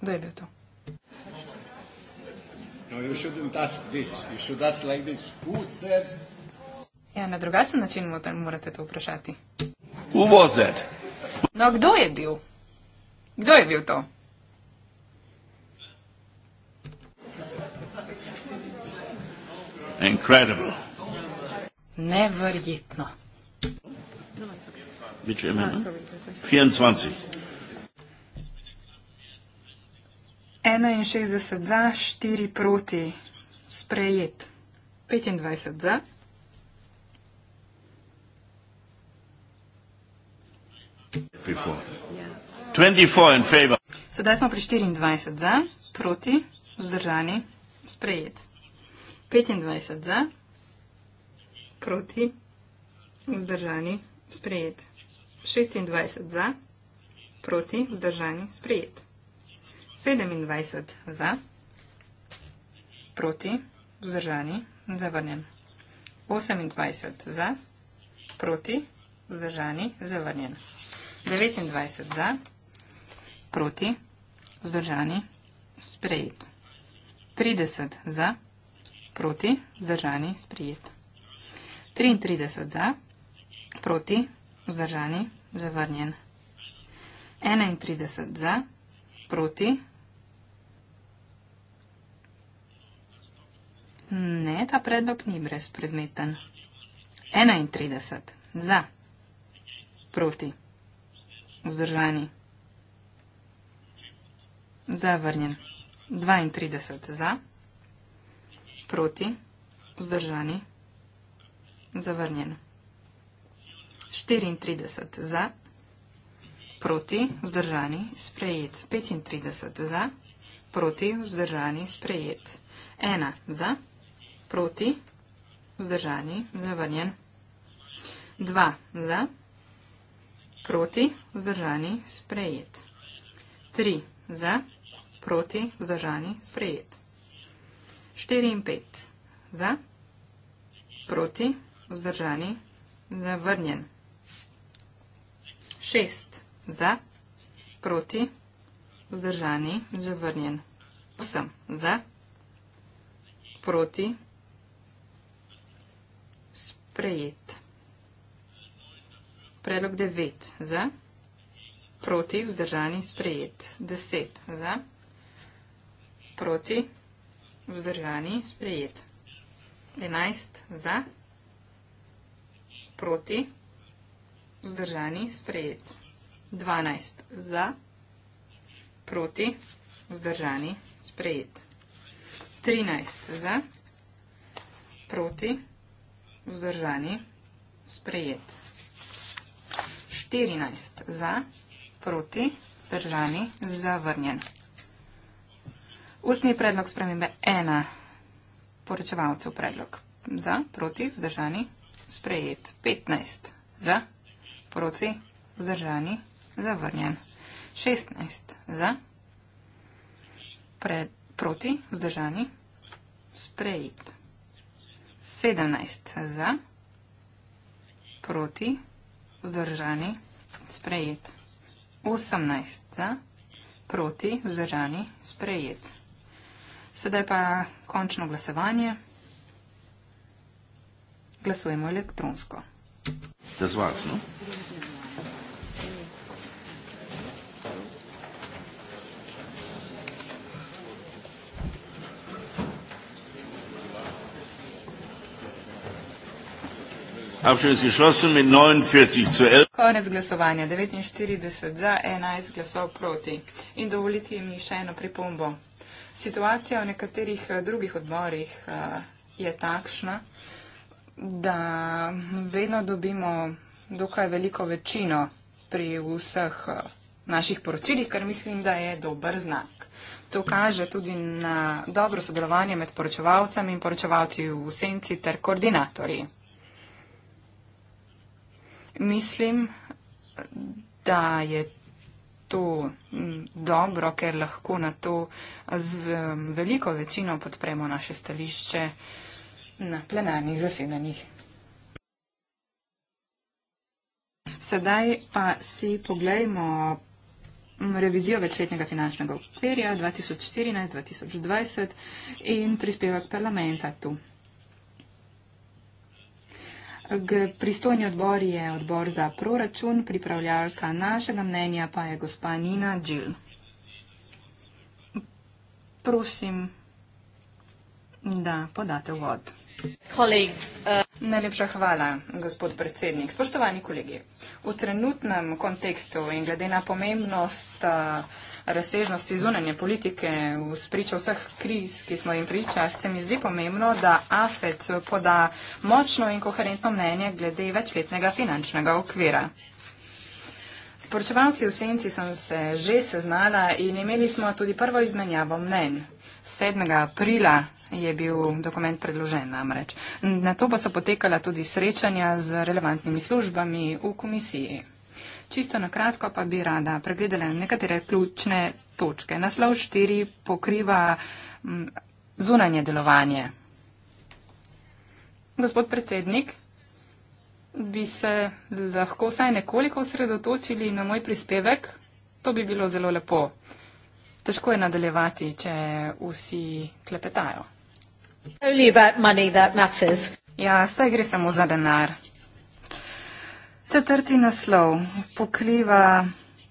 Kdo je bil to? No, you shouldn't ask this. You should ask like this. Who said Ja, na drugačen način morate to vprašati. Who was that? No, kdo je bil? Kdo je bil to? Incredible. Neverjetno. Which no, amendment? 24. 61 za, 4 proti. Sprejet. 25 za. Sedaj smo pri 24 za, proti, vzdržani, sprejet. 25 za, proti, vzdržani, sprejet. 26 za, proti, vzdržani, sprejet. 27 za, proti, vzdržani, zavrnjen. 28 za, proti, vzdržani, zavrnjen. 29 za, proti, vzdržani, sprejet. 30 za, proti, vzdržani, sprejet. 33 za, proti, vzdržani, zavrnjen. 31 za, proti, ne, ta predlog ni brezpredmeten. 31 za, proti, vzdržani, zavrnjen. Vzdržani. Zavrnjen. 32 za. Proti. Vzdržani. Zavrnjen. 34 za. Proti. Vzdržani. Sprejet. 35 za. Proti. Vzdržani. Sprejet. 1 za. Proti. Vzdržani. Zavrnjen. 2 za. Proti proti, vzdržani, sprejet. 3, za, proti, vzdržani, sprejet. 4 in 5, za, proti, vzdržani, zavrnjen. 6, za, proti, vzdržani, zavrnjen. 8, za, proti, sprejet. Predlog 9 za, proti, vzdržani, sprejet. 10 za, proti, vzdržani, sprejet. 11 za, proti, vzdržani, sprejet. 12 za, proti, vzdržani, sprejet. 13 za, proti, vzdržani, sprejet. 14 za, proti, vzdržani, sprejet. 14 za, proti, zdržani, zavrnjen. Ustni predlog spremembe 1. Poročevalcev predlog za, proti, zdržani, sprejet. 15 za, proti, zdržani, zavrnjen. 16 za, pre, proti, zdržani, sprejet. 17 za, proti, zdržani vzdržani, sprejet. 18 za, proti, vzdržani, sprejet. Sedaj pa končno glasovanje. Glasujemo elektronsko. Das war's, no? Yes. Konec glasovanja. 49 za, 11 glasov proti. In dovolite mi še eno pripombo. Situacija v nekaterih eh, drugih odborih eh, je takšna, da vedno dobimo dokaj veliko večino pri vseh eh, naših poročilih, kar mislim, da je dober znak. To kaže tudi na dobro sodelovanje med poročevalcem in poročevalci v senci ter koordinatorji mislim, da je to mm, dobro, ker lahko na to z mm, veliko večino podpremo naše stališče na plenarnih zasedanjih. Sedaj pa si pogledajmo mm, revizijo večletnega finančnega okvirja 2014-2020 in prispevek parlamenta tu. Pristojni odbor je odbor za proračun, pripravljalka našega mnenja pa je gospa Nina Džil. Prosim, da podate vod. Kolegi. Eh. Najlepša hvala, gospod predsednik. Spoštovani kolegi, v trenutnem kontekstu in glede na pomembnost uh, razsežnosti zunanje politike v spričo vseh kriz, ki smo jim priča, se mi zdi pomembno, da AFED poda močno in koherentno mnenje glede večletnega finančnega okvira. Sporočevalci v senci sem se že seznala in imeli smo tudi prvo izmenjavo mnen. 7. aprila je bil dokument predložen namreč. Na to pa so potekala tudi srečanja z relevantnimi službami v komisiji. Čisto na kratko pa bi rada pregledala nekatere ključne točke. Naslov 4 pokriva mm, zunanje delovanje. Gospod predsednik, bi se lahko vsaj nekoliko osredotočili na moj prispevek? To bi bilo zelo lepo. Težko je nadaljevati, če vsi klepetajo. Ja, saj gre samo za denar. Četrti naslov pokriva,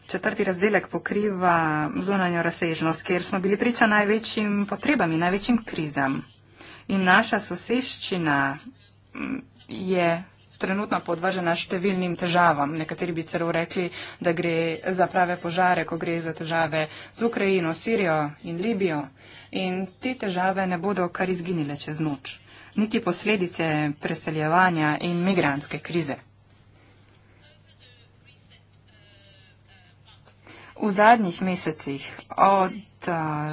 četrti razdelek pokriva zunanjo razsežnost, kjer smo bili priča največjim potrebami, največjim krizam. In naša soseščina mm, je trenutno podvržena številnim težavam. Nekateri bi celo rekli, da gre za prave požare, ko gre za težave z Ukrajino, Sirijo in Libijo. In te težave ne bodo kar izginile čez noč. Niti posledice preseljevanja in migranske krize. V zadnjih mesecih od uh,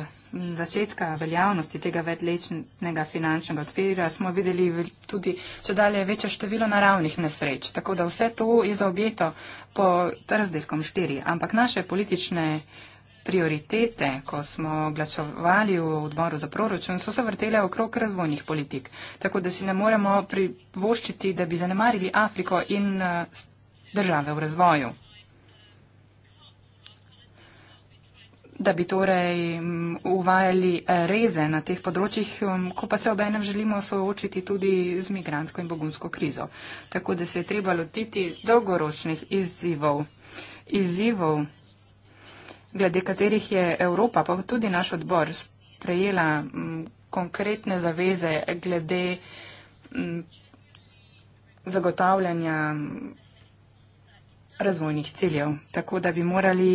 začetka veljavnosti tega večletnega finančnega odpira smo videli tudi še dalje večje število naravnih nesreč. Tako da vse to je zaobjeto po razdelkom štiri. Ampak naše politične prioritete, ko smo glačovali v odboru za proračun, so se vrtele okrog razvojnih politik. Tako da si ne moremo privoščiti, da bi zanemarili Afriko in uh, države v razvoju. da bi torej mm, uvajali reze na teh področjih, mm, ko pa se ob enem želimo soočiti tudi z migransko in bogunsko krizo. Tako da se je treba lotiti dolgoročnih izzivov. Izzivov, glede katerih je Evropa, pa tudi naš odbor, sprejela mm, konkretne zaveze glede zagotavljanja razvojnih ciljev. Tako da bi morali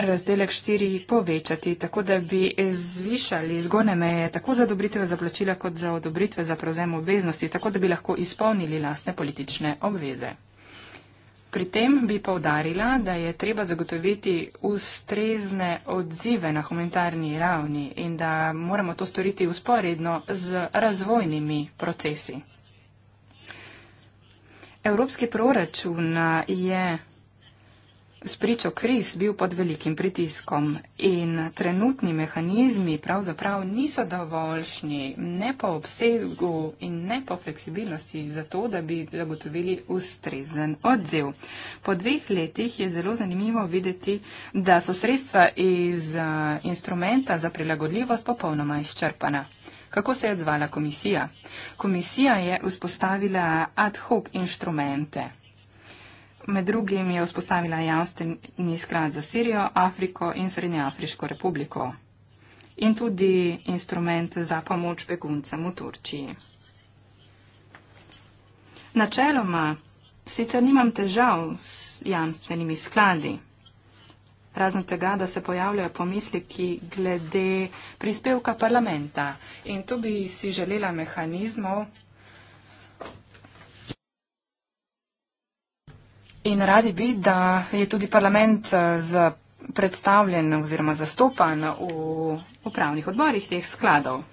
razdelek 4 povečati, tako da bi zvišali zgone meje tako za odobritve za plačila, kot za odobritve za prevzem obveznosti, tako da bi lahko izpolnili lastne politične obveze. Pri tem bi povdarila, da je treba zagotoviti ustrezne odzive na humanitarni ravni in da moramo to storiti usporedno z razvojnimi procesi. Evropski proračun eh, je spričo kriz bil pod velikim pritiskom in trenutni mehanizmi pravzaprav niso dovoljšni, ne po obsegu in ne po fleksibilnosti, zato da bi zagotovili ustrezen odziv. Po dveh letih je zelo zanimivo videti, da so sredstva iz eh, instrumenta za prilagodljivost popolnoma izčrpana. Kako se je odzvala komisija? Komisija je vzpostavila ad hoc inštrumente med drugim je vzpostavila javstveni sklad za Sirijo, Afriko in Srednjeafriško republiko in tudi instrument za pomoč beguncem v Turčiji. Načeloma sicer nimam težav s jamstvenimi skladi, razen tega, da se pojavljajo pomisliki glede prispevka parlamenta in tu bi si želela mehanizmov, In radi bi, da je tudi parlament eh, predstavljen oziroma zastopan v upravnih odborih teh skladov.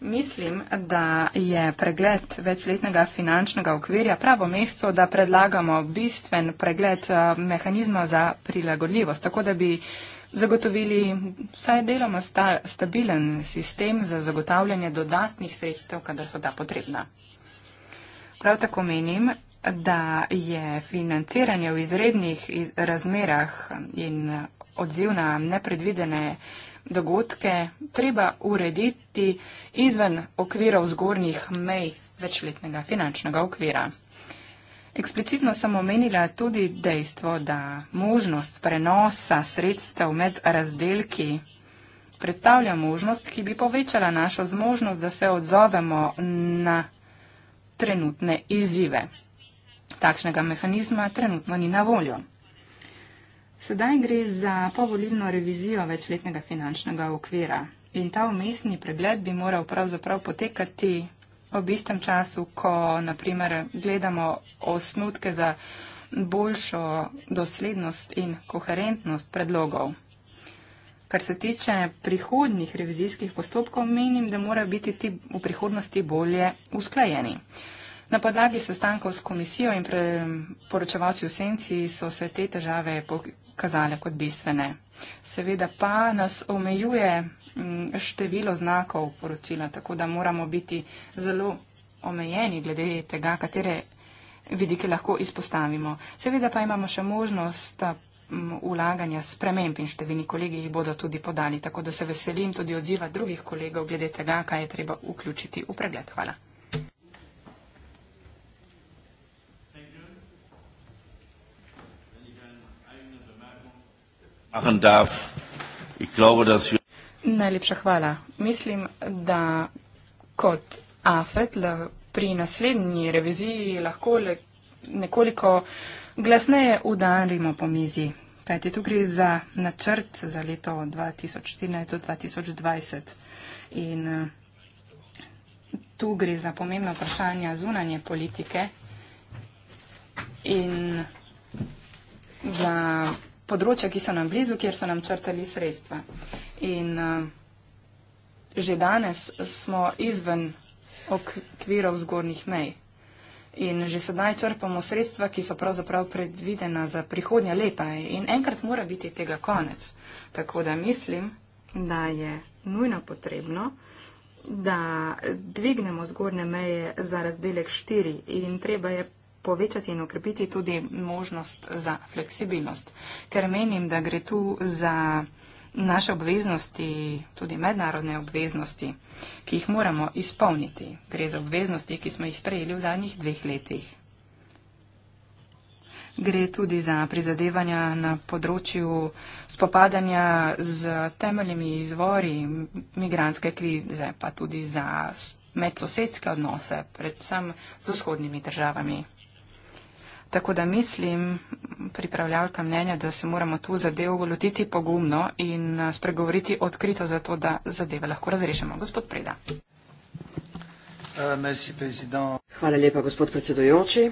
Mislim, da je pregled večletnega finančnega okvirja pravo mesto, da predlagamo bistven pregled eh, mehanizma za prilagodljivost, tako da bi zagotovili vsaj deloma sta, stabilen sistem za zagotavljanje dodatnih sredstev, kadar so ta potrebna. Prav tako menim, da je financiranje v izrednih razmerah in odziv na nepredvidene dogodke treba urediti izven okvirov zgornjih mej večletnega finančnega okvira. Eksplicitno sem omenila tudi dejstvo, da možnost prenosa sredstev med razdelki predstavlja možnost, ki bi povečala našo zmožnost, da se odzovemo na trenutne izzive. Takšnega mehanizma trenutno ni na voljo. Sedaj gre za povolilno revizijo večletnega finančnega okvira in ta umestni pregled bi moral pravzaprav potekati ob istem času, ko naprimer gledamo osnutke za boljšo doslednost in koherentnost predlogov. Kar se tiče prihodnih revizijskih postopkov, menim, da morajo biti ti v prihodnosti bolje usklajeni. Na podlagi sestankov s komisijo in poročevalci v senci so se te težave pokazale kot bistvene. Seveda pa nas omejuje število znakov poročila, tako da moramo biti zelo omejeni glede tega, katere vidike lahko izpostavimo. Seveda pa imamo še možnost ulaganja sprememb in številni kolegi jih bodo tudi podali, tako da se veselim tudi odziva drugih kolegov glede tega, kaj je treba vključiti v pregled. Hvala. machen darf. Ich glaube, dass wir Najlepša hvala. Mislim, da kot AFET pri naslednji reviziji lahko le nekoliko glasneje udarimo po mizi. Kajti tu gre za načrt za leto 2014 do 2020. In tu gre za pomembna vprašanja zunanje politike in za področja, ki so nam blizu, kjer so nam črtali sredstva. In uh, že danes smo izven okvirov zgornjih mej. In že sedaj črpamo sredstva, ki so pravzaprav predvidena za prihodnja leta. In enkrat mora biti tega konec. Tako da mislim, da je nujno potrebno, da dvignemo zgornje meje za razdelek 4 in treba je povečati in ukrepiti tudi možnost za fleksibilnost. Ker menim, da gre tu za naše obveznosti, tudi mednarodne obveznosti, ki jih moramo izpolniti. Gre za obveznosti, ki smo jih sprejeli v zadnjih dveh letih. Gre tudi za prizadevanja na področju spopadanja z temeljimi izvori migranske krize, pa tudi za medsosedske odnose, predvsem z vzhodnimi državami. Tako da mislim, pripravljalka mnenja, da se moramo tu zadevo lotiti pogumno in eh, spregovoriti odkrito za to, da zadeve lahko razrešimo. Gospod Preda. Euh, Hvala lepa, gospod predsedujoči.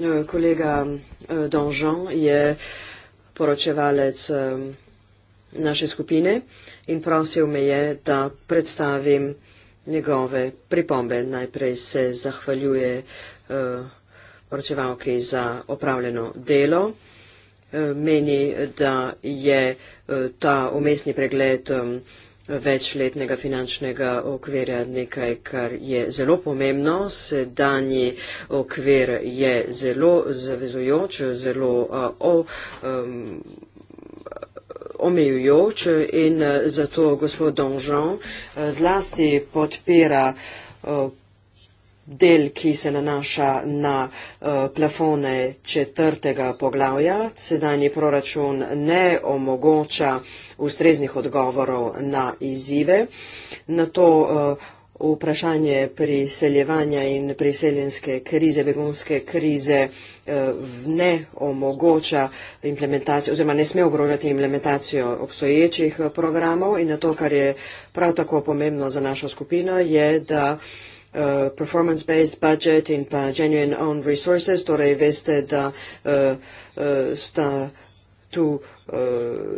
Eh, kolega eh, Donžon je poročevalec naše skupine in prosil me je, da predstavim njegove pripombe. Najprej se zahvaljuje eh, poročevalki uh, za opravljeno delo. Eh, meni, da je eh, ta umestni pregled večletnega finančnega okvirja nekaj, kar je zelo pomembno. Sedanji okvir je zelo zavezujoč, zelo o, o, omejujoč in eh, zato gospod Donžon eh, zlasti podpira eh, del, ki se nanaša na plafone četrtega poglavja. Sedanji proračun ne omogoča ustreznih odgovorov na izzive. Na to vprašanje priseljevanja in priseljenske krize, begunske krize eh, ne omogoča implementacijo oziroma ne sme ogrožati implementacijo obstoječih eh, programov in na to, kar je prav tako pomembno za našo skupino, je, da eh, performance-based budget in pa genuine own resources, torej veste, da sta tu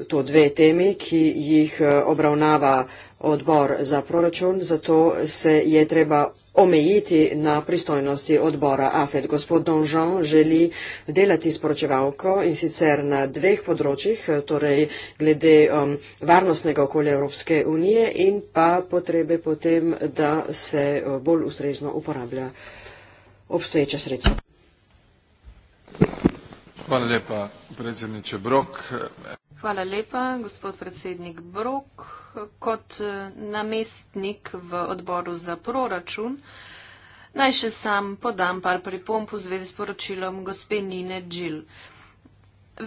to dve temi, ki jih obravnava odbor za proračun, zato se je treba omejiti na pristojnosti odbora AFED. Gospod Donžan želi delati sporočevalko in sicer na dveh področjih, torej glede um, varnostnega okolja Evropske unije in pa potrebe potem, da se uh, bolj ustrezno uporablja obstoječa sredstva. Hvala lepa, predsjedniče Brok. Hvala lepa, gospod predsednik Brok. Kot eh, namestnik v odboru za proračun naj še sam podam par pripomp v zvezi s poročilom gospe Nine Džil.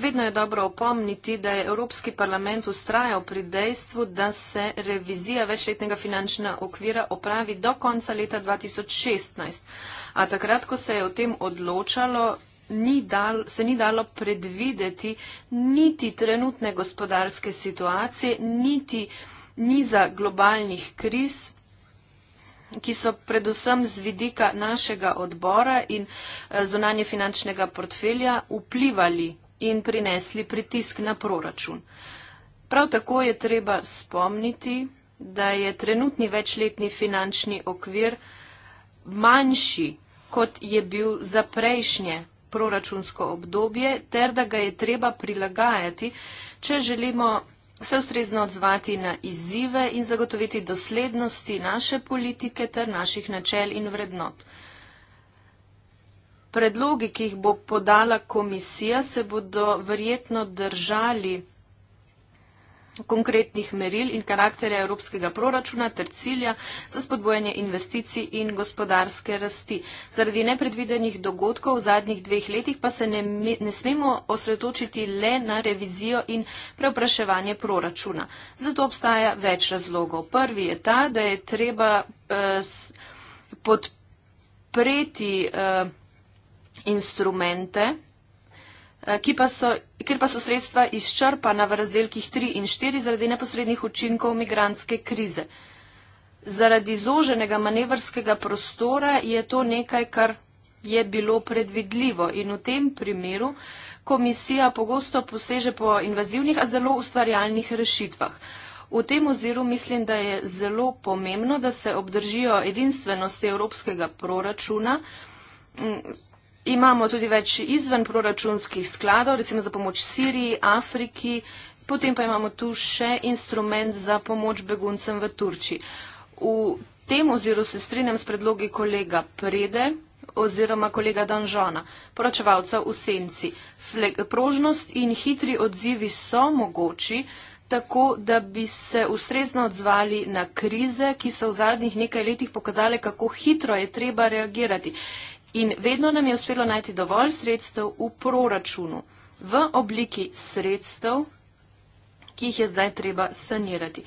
Vedno je dobro opomniti, da je Evropski parlament ustrajal pri dejstvu, da se revizija večletnega finančnega okvira opravi do konca leta 2016. A takrat, ko se je o tem odločalo, ni dal, se ni dalo predvideti niti trenutne gospodarske situacije, niti niza globalnih kriz, ki so predvsem z vidika našega odbora in eh, zunanje finančnega portfelja vplivali in prinesli pritisk na proračun. Prav tako je treba spomniti, da je trenutni večletni finančni okvir manjši, kot je bil za prejšnje proračunsko obdobje ter da ga je treba prilagajati, če želimo se ustrezno odzvati na izzive in zagotoviti doslednosti naše politike ter naših načel in vrednot. Predlogi, ki jih bo podala komisija, se bodo verjetno držali konkretnih meril in karakterja evropskega proračuna ter cilja za spodbojanje investicij in gospodarske rasti. Zaradi nepredvidenih dogodkov v zadnjih dveh letih pa se ne, ne smemo osredotočiti le na revizijo in preopraševanje proračuna. Zato obstaja več razlogov. Prvi je ta, da je treba eh, podpreti eh, instrumente, Eh, ki pa so, ker pa so sredstva izčrpana v razdelkih 3 in 4 zaradi neposrednih učinkov migranske krize. Zaradi zoženega manevrskega prostora je to nekaj, kar je bilo predvidljivo in v tem primeru komisija pogosto poseže po invazivnih, a zelo ustvarjalnih rešitvah. V tem oziru mislim, da je zelo pomembno, da se obdržijo edinstvenosti evropskega proračuna, Imamo tudi več izven proračunskih skladov, recimo za pomoč Siriji, Afriki, potem pa imamo tu še instrument za pomoč beguncem v Turčiji. V tem oziru se strinjam s predlogi kolega Prede oziroma kolega Danžona, poročevalca v senci. Fle prožnost in hitri odzivi so mogoči, tako da bi se ustrezno odzvali na krize, ki so v zadnjih nekaj letih pokazali, kako hitro je treba reagirati. In vedno nam je uspelo najti dovolj sredstev v proračunu, v obliki sredstev, ki jih je zdaj treba sanirati.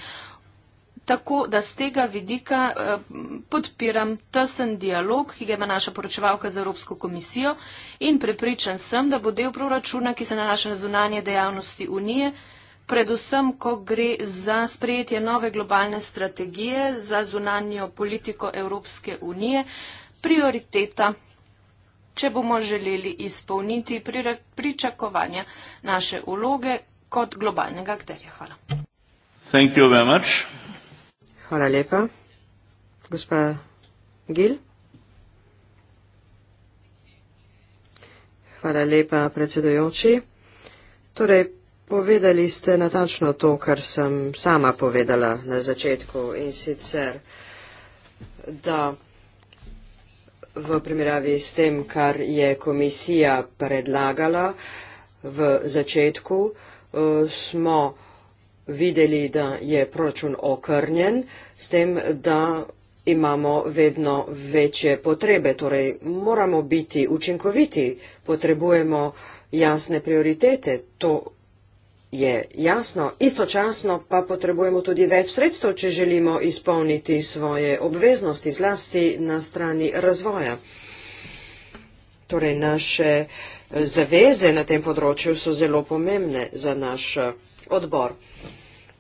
Tako da z tega vidika eh, podpiram tesen dialog, ki ga ima naša poročevalka z Evropsko komisijo in prepričan sem, da bo del proračuna, ki se nanaša na zunanje dejavnosti Unije, predvsem, ko gre za sprejetje nove globalne strategije za zunanjo politiko Evropske unije, prioriteta če bomo želeli izpolniti pričakovanja naše uloge kot globalnega akterja. Hvala. Hvala lepa. Gospa Gil. Hvala lepa, predsedujoči. Torej, povedali ste natančno to, kar sem sama povedala na začetku in sicer, da v primerjavi s tem, kar je komisija predlagala v začetku, eh, smo videli, da je proračun okrnjen, s tem, da imamo vedno večje potrebe, torej moramo biti učinkoviti, potrebujemo jasne prioritete, to je jasno, istočasno pa potrebujemo tudi več sredstev, če želimo izpolniti svoje obveznosti, zlasti na strani razvoja. Torej, naše eh, zaveze na tem področju so zelo pomembne za naš eh, odbor.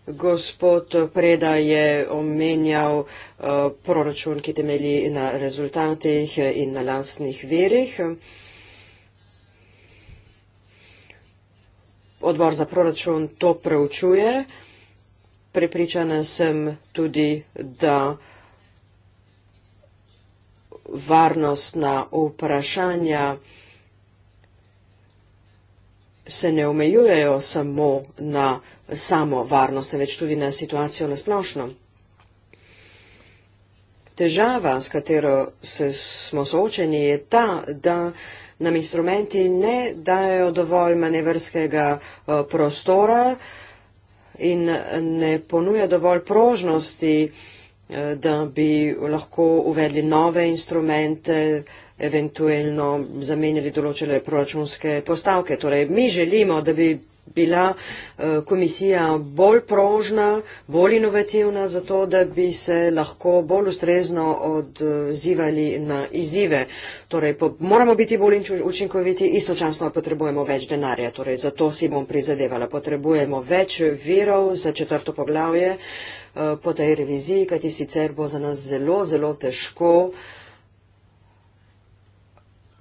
Gospod Preda je omenjal uh, proračun, ki temelji na rezultatih in na lastnih verih. Uh, odbor za proračun to preučuje. Pripričana sem tudi, da varnostna vprašanja se ne omejujejo samo na samo varnost, več tudi na situacijo nasplošno. Težava, s katero se smo soočeni, je ta, da nam instrumenti ne dajo dovolj manevrskega eh, prostora in ne ponuja dovolj prožnosti, eh, da bi lahko uvedli nove instrumente, eventualno zamenjali določene proračunske postavke. Torej, mi želimo, da bi bila eh, komisija bolj prožna, bolj inovativna, zato da bi se lahko bolj ustrezno odzivali na izive. Torej, moramo biti bolj učinkoviti, istočasno potrebujemo več denarja, torej, zato si bom prizadevala. Potrebujemo več virov za četrto poglavje eh, po tej reviziji, kajti sicer bo za nas zelo, zelo težko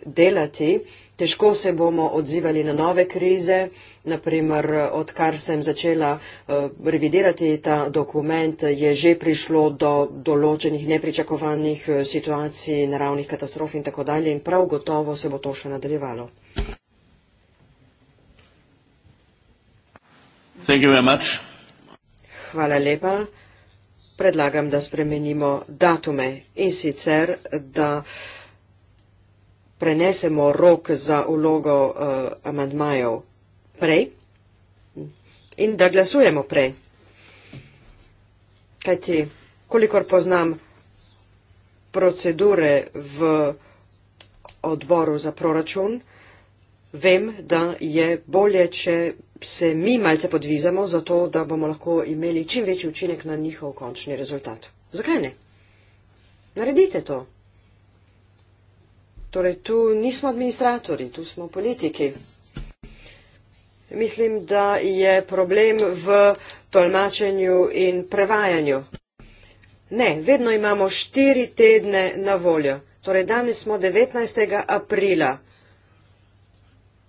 delati težko se bomo odzivali na nove krize. Naprimer, odkar sem začela eh, revidirati ta dokument, je že prišlo do določenih nepričakovanih eh, situacij, naravnih katastrof in tako dalje in prav gotovo se bo to še nadaljevalo. Hvala lepa. Predlagam, da spremenimo datume in sicer, da prenesemo rok za ulogo uh, eh, amadmajev prej in da glasujemo prej. Kajti, kolikor poznam procedure v odboru za proračun, vem, da je bolje, če se mi malce podvizamo za to, da bomo lahko imeli čim večji učinek na njihov končni rezultat. Zakaj ne? Naredite to. Torej, tu nismo administratori, tu smo politiki. Mislim, da je problem v tolmačenju in prevajanju. Ne, vedno imamo štiri tedne na voljo. Torej, danes smo 19. aprila.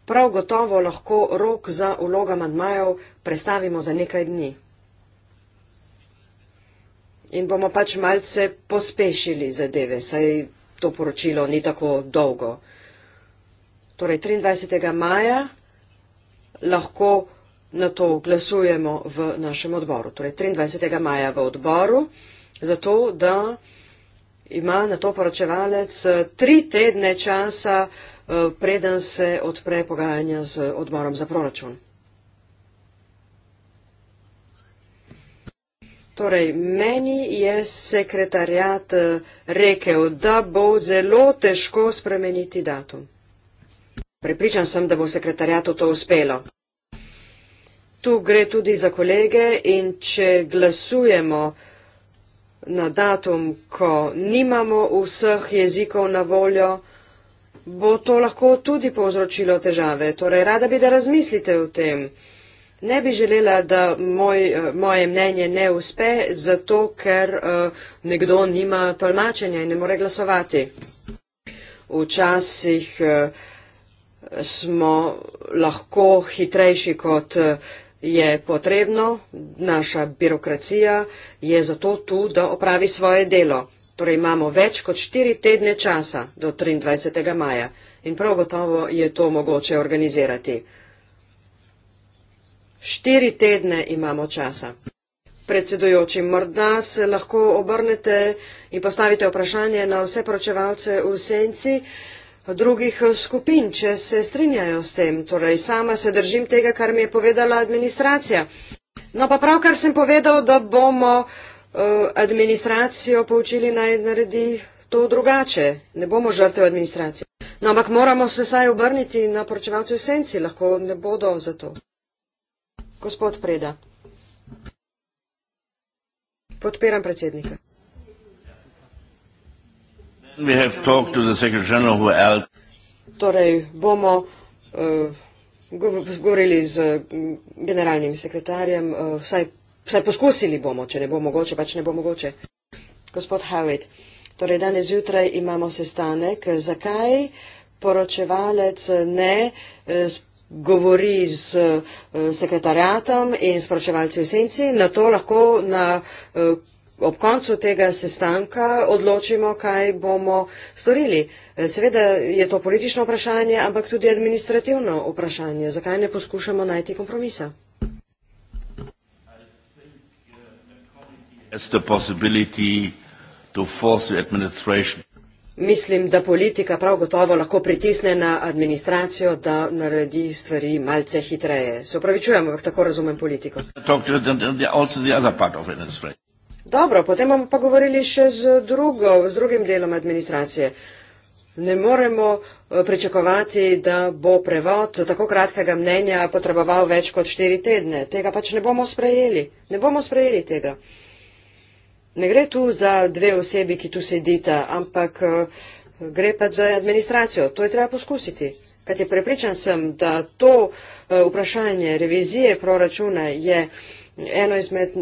Prav gotovo lahko rok za vloga mandmajev prestavimo za nekaj dni. In bomo pač malce pospešili zadeve, saj to poročilo ni tako dolgo. Torej 23. maja lahko na to glasujemo v našem odboru. Torej 23. maja v odboru, zato da ima na to poročevalec eh, tri tedne časa, eh, preden se odpre pogajanja z odborom za proračun. Torej, meni je sekretarjat eh, rekel, da bo zelo težko spremeniti datum. Pripričan sem, da bo sekretarjatu to uspelo. Tu gre tudi za kolege in če glasujemo na datum, ko nimamo vseh jezikov na voljo, bo to lahko tudi povzročilo težave. Torej, rada bi, da razmislite o tem. Ne bi želela, da moj, eh, moje mnenje ne uspe, zato ker uh, nekdo nima tolmačenja in ne more glasovati. Včasih uh, smo lahko hitrejši, kot je potrebno. Naša birokracija je zato tu, da opravi svoje delo. Torej imamo več kot štiri tedne časa do 23. maja in prav gotovo je to mogoče organizirati. Štiri tedne imamo časa. Predsedujoči, morda se lahko obrnete in postavite vprašanje na vse pročevalce v senci drugih skupin, če se strinjajo s tem. Torej, sama se držim tega, kar mi je povedala administracija. No pa pravkar sem povedal, da bomo eh, administracijo poučili naj naredi to drugače. Ne bomo žrtev administracije. No, ampak moramo se saj obrniti na poročevalce v senci, lahko ne bodo za to. Gospod Preda. Podpiram predsednika. Torej bomo uh, govorili z mm, generalnim sekretarjem, uh, vsaj, vsaj poskusili bomo, če ne bo mogoče, pač ne bo mogoče. Gospod Howitt, torej danes zjutraj imamo sestanek. Zakaj poročevalec ne uh, govori z eh, sekretarjatom in sporočevalci v senci, na to lahko na, eh, ob koncu tega sestanka odločimo, kaj bomo storili. Eh, seveda je to politično vprašanje, ampak tudi administrativno vprašanje. Zakaj ne poskušamo najti kompromisa? As the possibility to force the administration. Mislim, da politika prav gotovo lahko pritisne na administracijo, da naredi stvari malce hitreje. Se upravičujem, ampak tako razumem politiko. Dobro, potem bomo pa govorili še z, drugo, z drugim delom administracije. Ne moremo eh, pričakovati, da bo prevod tako kratkega mnenja potreboval več kot štiri tedne. Tega pač ne bomo sprejeli. Ne bomo sprejeli tega. Ne gre tu za dve osebi, ki tu sedita, ampak eh, gre pa za administracijo. To je treba poskusiti. Kaj ti prepričan sem, da to eh, vprašanje revizije proračuna je eno izmed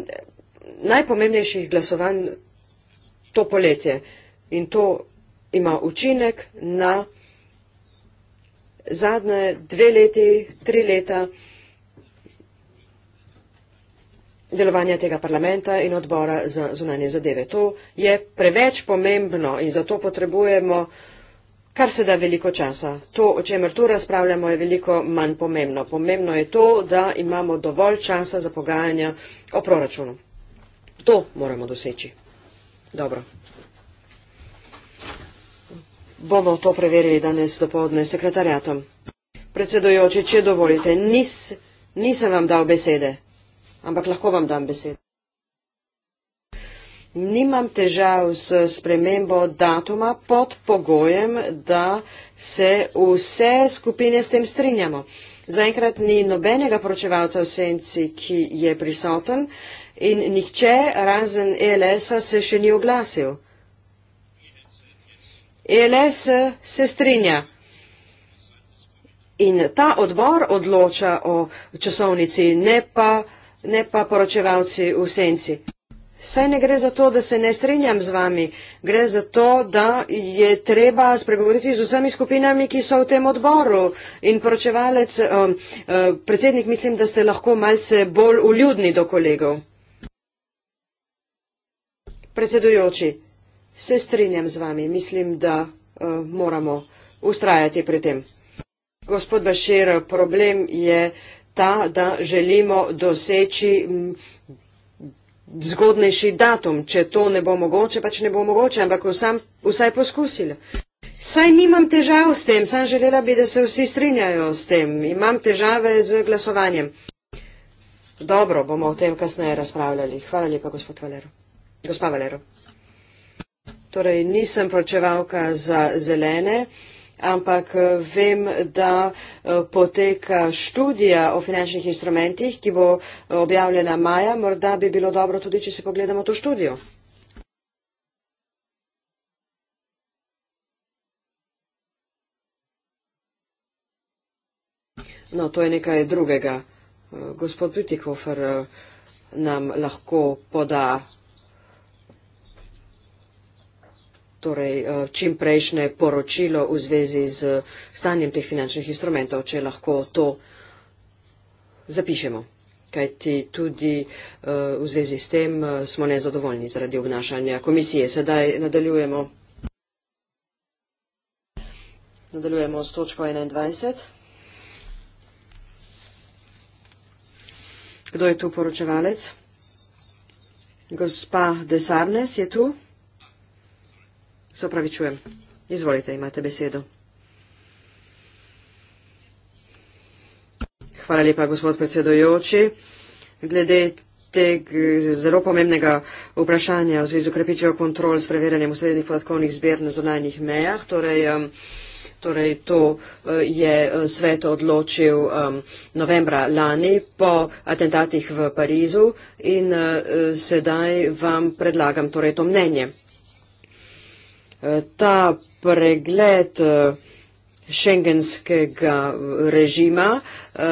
najpomembnejših glasovanj to poletje. In to ima učinek na zadnje dve leti, tri leta delovanja tega parlamenta in odbora za zunanje zadeve. To je preveč pomembno in zato potrebujemo kar se da veliko časa. To, o čemer tu razpravljamo, je veliko manj pomembno. Pomembno je to, da imamo dovolj časa za pogajanja o proračunu. To moramo doseči. Dobro. Bomo to preverili danes dopoledne sekretarjatom. Predsedujoči, če dovolite, nis, nisem vam dal besede ampak lahko vam dam besedo. Nimam težav s spremembo datuma pod pogojem, da se vse skupine s tem strinjamo. Zaenkrat ni nobenega poročevalca v senci, ki je prisoten in nihče razen ELS-a se še ni oglasil. ELS se strinja. In ta odbor odloča o časovnici, ne pa ne pa poročevalci v senci. Saj ne gre za to, da se ne strinjam z vami, gre za to, da je treba spregovoriti z vsemi skupinami, ki so v tem odboru. In poročevalec, um, uh, predsednik, mislim, da ste lahko malce bolj uljudni do kolegov. Predsedujoči, se strinjam z vami, mislim, da uh, moramo ustrajati pri tem. Gospod Bašir, problem je ta, da želimo doseči zgodnejši datum. Če to ne bo mogoče, pač ne bo mogoče, ampak vsem vsaj poskusila. Saj nimam težav s tem, sem želela bi, da se vsi strinjajo s tem. Imam težave z glasovanjem. Dobro, bomo o tem kasneje razpravljali. Hvala lepa, gospod Valero. Gospa Valero. Torej, nisem pročevalka za zelene ampak eh, vem, da eh, poteka študija o finančnih instrumentih, ki bo eh, objavljena maja. Morda bi bilo dobro tudi, če se pogledamo to študijo. No, to je nekaj drugega. Gospod Bütikofer nam lahko poda torej, eh, čim prejšnje poročilo v zvezi z stanjem teh finančnih instrumentov, če lahko to zapišemo. Kaj ti tudi eh, v zvezi s tem eh, smo nezadovoljni zaradi obnašanja komisije. Sedaj nadaljujemo. Nadaljujemo s točko 21. Kdo je tu poročevalec? Gospa Desarnes je tu. Se opravi, čujem. Izvolite, imate besedo. Hvala lepa, gospod predsedojoči. Glede tega zelo pomembnega vprašanja v zvezi z ukrepitvijo kontrol s preverjanjem ustreznih podatkovnih zbir na zonalnih mejah, torej, um, torej to uh, je uh, svet odločil um, novembra lani po atentatih v Parizu in uh, sedaj vam predlagam torej to mnenje ta pregled eh, šengenskega režima eh,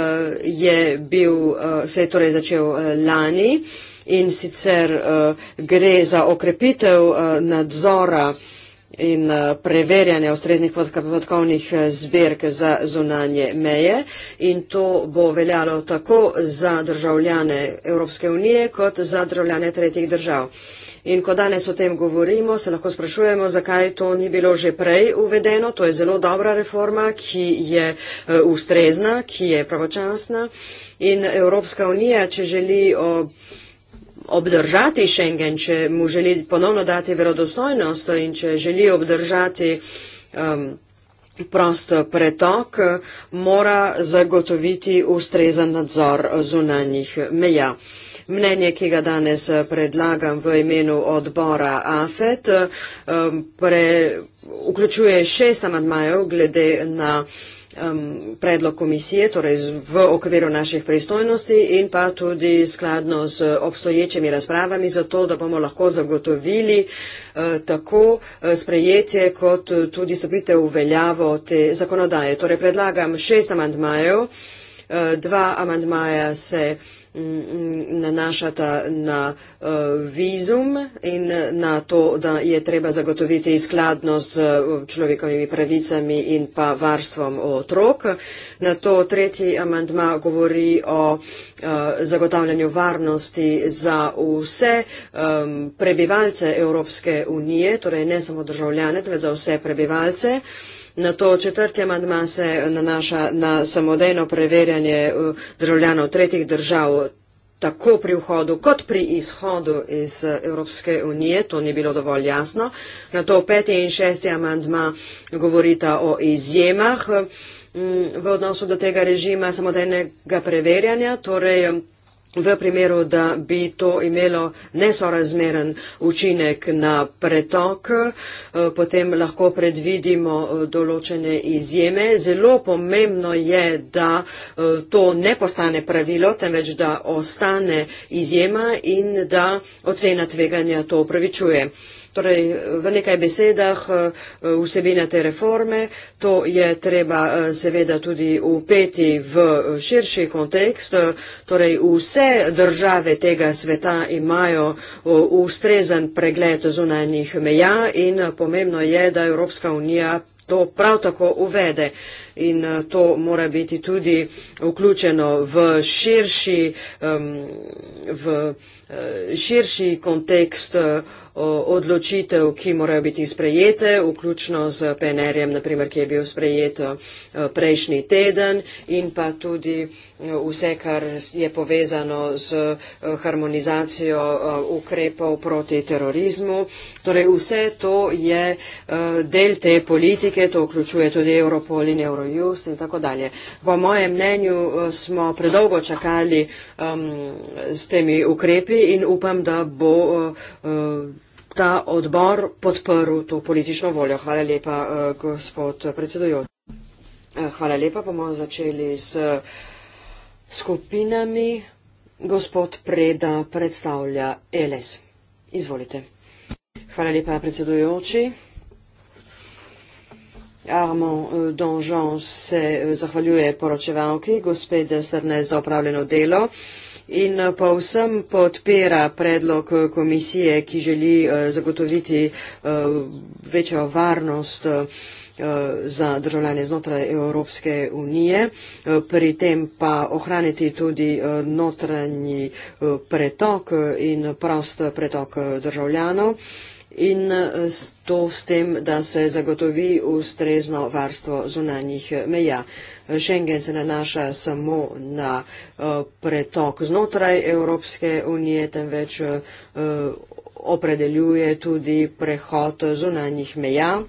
je bil, eh, se je torej začel lani in sicer gre za okrepitev nadzora in preverjanje ustreznih podkovnih zbirk za zunanje meje in to bo veljalo tako za državljane Evropske unije kot za državljane tretjih držav. In ko danes o tem govorimo, se lahko sprašujemo, zakaj to ni bilo že prej uvedeno. To je zelo dobra reforma, ki je eh, ustrezna, ki je pravočasna. In Evropska unija, če želi obdržati Schengen, če mu želi ponovno dati verodostojnost in če želi obdržati. Um, prost pretok mora zagotoviti ustrezen nadzor zunanjih meja. Uh, mnenje, ki ga danes eh, predlagam v imenu odbora AFET. Eh, pre, vključuje šest amadmajev glede na predlog komisije, torej v okviru naših pristojnosti in pa tudi skladno z obstoječimi razpravami, zato da bomo lahko zagotovili eh, tako sprejetje kot tudi stopitev uveljavo te zakonodaje. Torej predlagam šest amandmajev, dva amandmaja se nanašata na eh, vizum in na to, da je treba zagotoviti skladnost z eh, človekovimi pravicami in pa varstvom otrok. Na to tretji amandma govori o eh, zagotavljanju varnosti za vse prebivalce Evropske unije, torej ne samo državljane, torej za vse prebivalce. Na to četrti amandman se nanaša na samodejno preverjanje eh, državljanov tretjih držav tako pri vhodu kot pri izhodu iz eh, Evropske unije, to ni bilo dovolj jasno. Na to peti in šesti amandma govorita o izjemah mm, v odnosu do tega režima samodejnega preverjanja, torej v primeru, da bi to imelo nesorazmeren učinek na pretok, eh, potem lahko predvidimo eh, določene izjeme. Zelo pomembno je, da eh, to ne postane pravilo, temveč da ostane izjema in da ocena tveganja to upravičuje. Torej, v nekaj besedah eh, vsebina te reforme, to je treba eh, seveda tudi upeti v eh, širši kontekst, torej vse države tega sveta imajo ustrezen pregled zunanjih meja in pomembno je, da Evropska unija to prav tako uvede in eh, to mora biti tudi vključeno v širši, v eh, širši kontekst eh, odločitev, ki morajo biti sprejete, vključno z PNR-jem, naprimer, ki je bil sprejet prejšnji teden in pa tudi vse, kar je povezano z harmonizacijo ukrepov proti terorizmu. Torej, vse to je del te politike, to vključuje tudi Europol in Euro Jus in tako dalje. Po mojem mnenju eh, smo predolgo čakali um, s temi ukrepi in upam, da bo uh, ta odbor podprl to politično voljo. Hvala lepa, uh, gospod predsedujoč. Hvala lepa, bomo začeli s skupinami. Gospod Preda predstavlja Eles. Izvolite. Hvala lepa, predsedujoči. Armand eh, Donjon se eh, zahvaljuje poročevalki, gospe Desterne, za opravljeno delo in eh, pa vsem podpira predlog komisije, ki želi zagotoviti večjo varnost za državljanje znotraj Evropske unije, pri tem pa ohraniti tudi notranji pretok in prost pretok državljanov in eh, to s tem, da se zagotovi ustrezno varstvo zunanjih eh, meja. Eh, Schengen se nanaša samo na pretok znotraj Evropske unije, temveč opredeljuje tudi prehod zunanjih meja.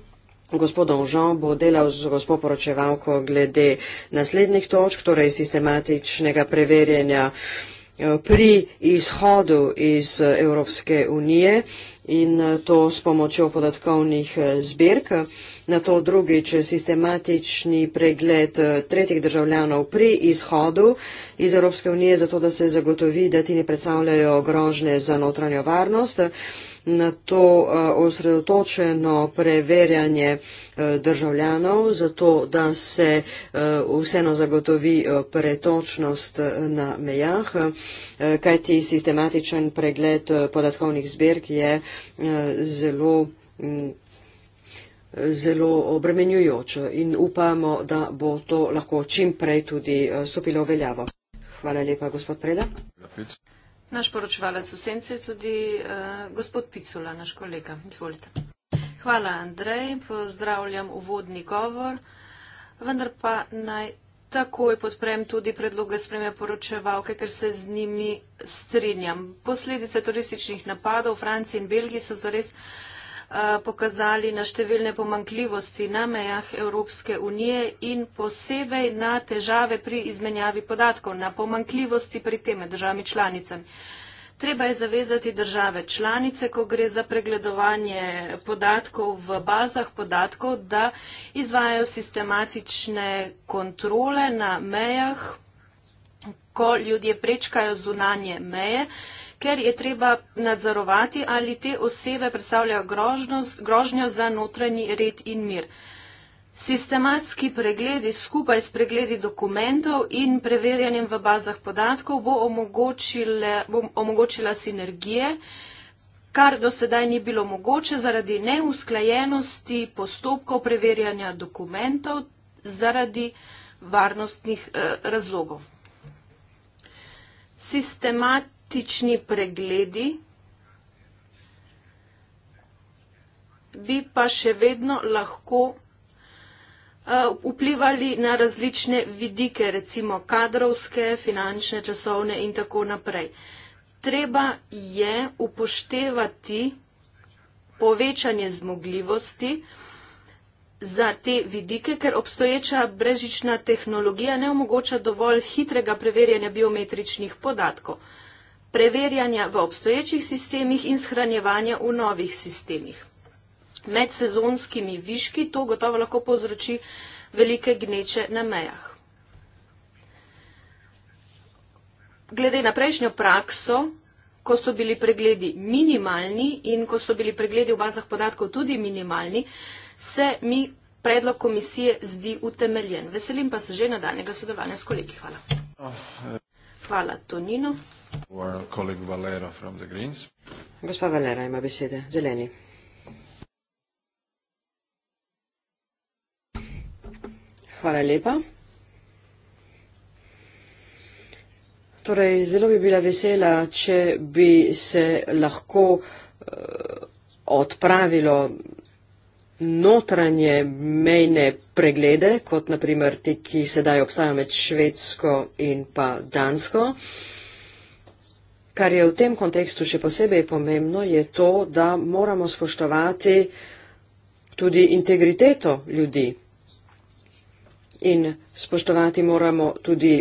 Gospod Donžon bo delal z gospod poročevalko glede naslednjih točk, torej sistematičnega preverjanja pri izhodu iz Evropske unije in eh, to s pomočjo podatkovnih eh, zbirk. Na to drugič eh, sistematični pregled tretjih državljanov pri izhodu iz Evropske unije, zato da se zagotovi, da ti ne predstavljajo grožne za notranjo varnost na to eh, osredotočeno preverjanje eh, državljanov, zato da se eh, vseeno zagotovi pretočnost na mejah, kajti sistematičen pregled podatkovnih zberg je zelo mm, zelo obremenjujoč in upamo, da bo to lahko čim prej tudi stopilo v veljavo. Hvala lepa, gospod Preda. Naš poročevalec v senci je tudi uh, gospod Picula, naš kolega. Izvolite. Hvala, Andrej. Pozdravljam uvodni govor. Vendar pa naj takoj podprem tudi predloge spremembe poročevalke, ker se z njimi strinjam. Posledice turističnih napadov v Franciji in Belgiji so zares Eh, pokazali na številne pomankljivosti na mejah Evropske unije in posebej na težave pri izmenjavi podatkov, na pomankljivosti pri teme državami članicami. Treba je zavezati države članice, ko gre za pregledovanje podatkov v bazah podatkov, da izvajajo sistematične kontrole na mejah, ko ljudje prečkajo zunanje meje ker je treba nadzorovati, ali te osebe predstavljajo grožnjo za notranji red in mir. Sistematski pregledi skupaj s pregledi dokumentov in preverjanjem v bazah podatkov bo omogočila, bo omogočila sinergije, kar do sedaj ni bilo mogoče zaradi neusklajenosti postopkov preverjanja dokumentov zaradi varnostnih eh, razlogov. Sistemat diagnostični pregledi, bi pa še vedno lahko eh, vplivali na različne vidike, recimo kadrovske, finančne, časovne in tako naprej. Treba je upoštevati povečanje zmogljivosti za te vidike, ker obstoječa brežična tehnologija ne omogoča dovolj hitrega preverjanja biometričnih podatkov preverjanja v obstoječih sistemih in shranjevanja v novih sistemih. Med sezonskimi viški to gotovo lahko povzroči velike gneče na mejah. Glede na prejšnjo prakso, ko so bili pregledi minimalni in ko so bili pregledi v bazah podatkov tudi minimalni, se mi predlog komisije zdi utemeljen. Veselim pa se že nadaljnega sodelovanja s kolegi. Hvala. Oh, eh. Hvala, Tonino. Gospa Valera ima besede, zeleni. Hvala lepa. Torej, zelo bi bila vesela, če bi se lahko eh, odpravilo notranje mejne preglede, kot naprimer te, ki sedaj obstajajo med Švedsko in pa Dansko. Kar je v tem kontekstu še posebej pomembno, je to, da moramo spoštovati tudi integriteto ljudi. In spoštovati moramo tudi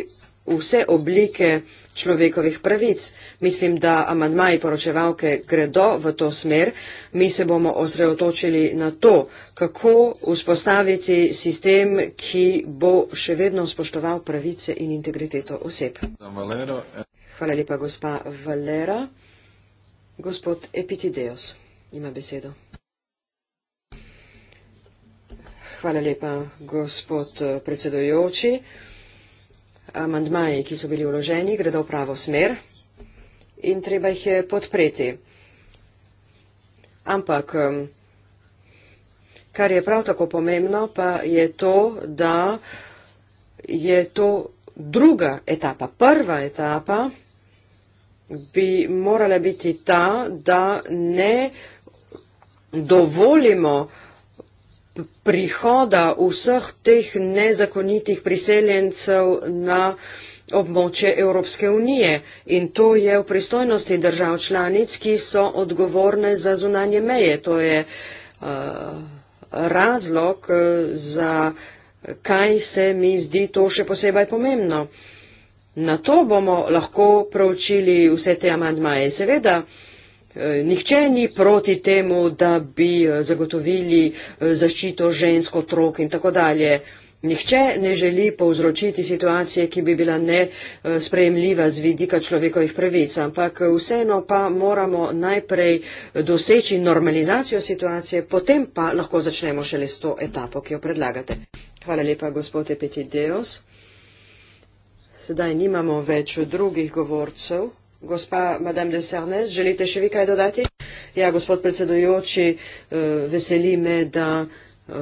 vse oblike človekovih pravic. Mislim, da amadmaji poročevalke gredo v to smer. Mi se bomo osredotočili na to, kako vzpostaviti sistem, ki bo še vedno spoštoval pravice in integriteto oseb. Hvala lepa, gospa Valera. Gospod Epitideos ima besedo. Hvala lepa, gospod eh, predsedojoči amandmaji, ki so bili vloženi, gredo v pravo smer in treba jih je podpreti. Ampak, kar je prav tako pomembno, pa je to, da je to druga etapa. Prva etapa bi morala biti ta, da ne dovolimo, prihoda vseh teh nezakonitih priseljencev na območje Evropske unije. In to je v pristojnosti držav članic, ki so odgovorne za zunanje meje. To je uh, razlog, uh, za kaj se mi zdi to še posebej pomembno. Na to bomo lahko pravčili vse te amandmaje. Seveda, uh, Eh, nihče ni proti temu, da bi eh, zagotovili eh, zaščito žensk, otrok in tako dalje. Nihče ne želi povzročiti situacije, ki bi bila nesprejemljiva z vidika človekovih pravic, ampak vseeno pa moramo najprej doseči normalizacijo situacije, potem pa lahko začnemo šele s to etapo, ki jo predlagate. Hvala lepa, gospod Epetideos. Sedaj nimamo več drugih govorcev. Gospa Madame de Sarnez, želite še vi kaj dodati? Ja, gospod predsedujoči, eh, veseli me, da eh,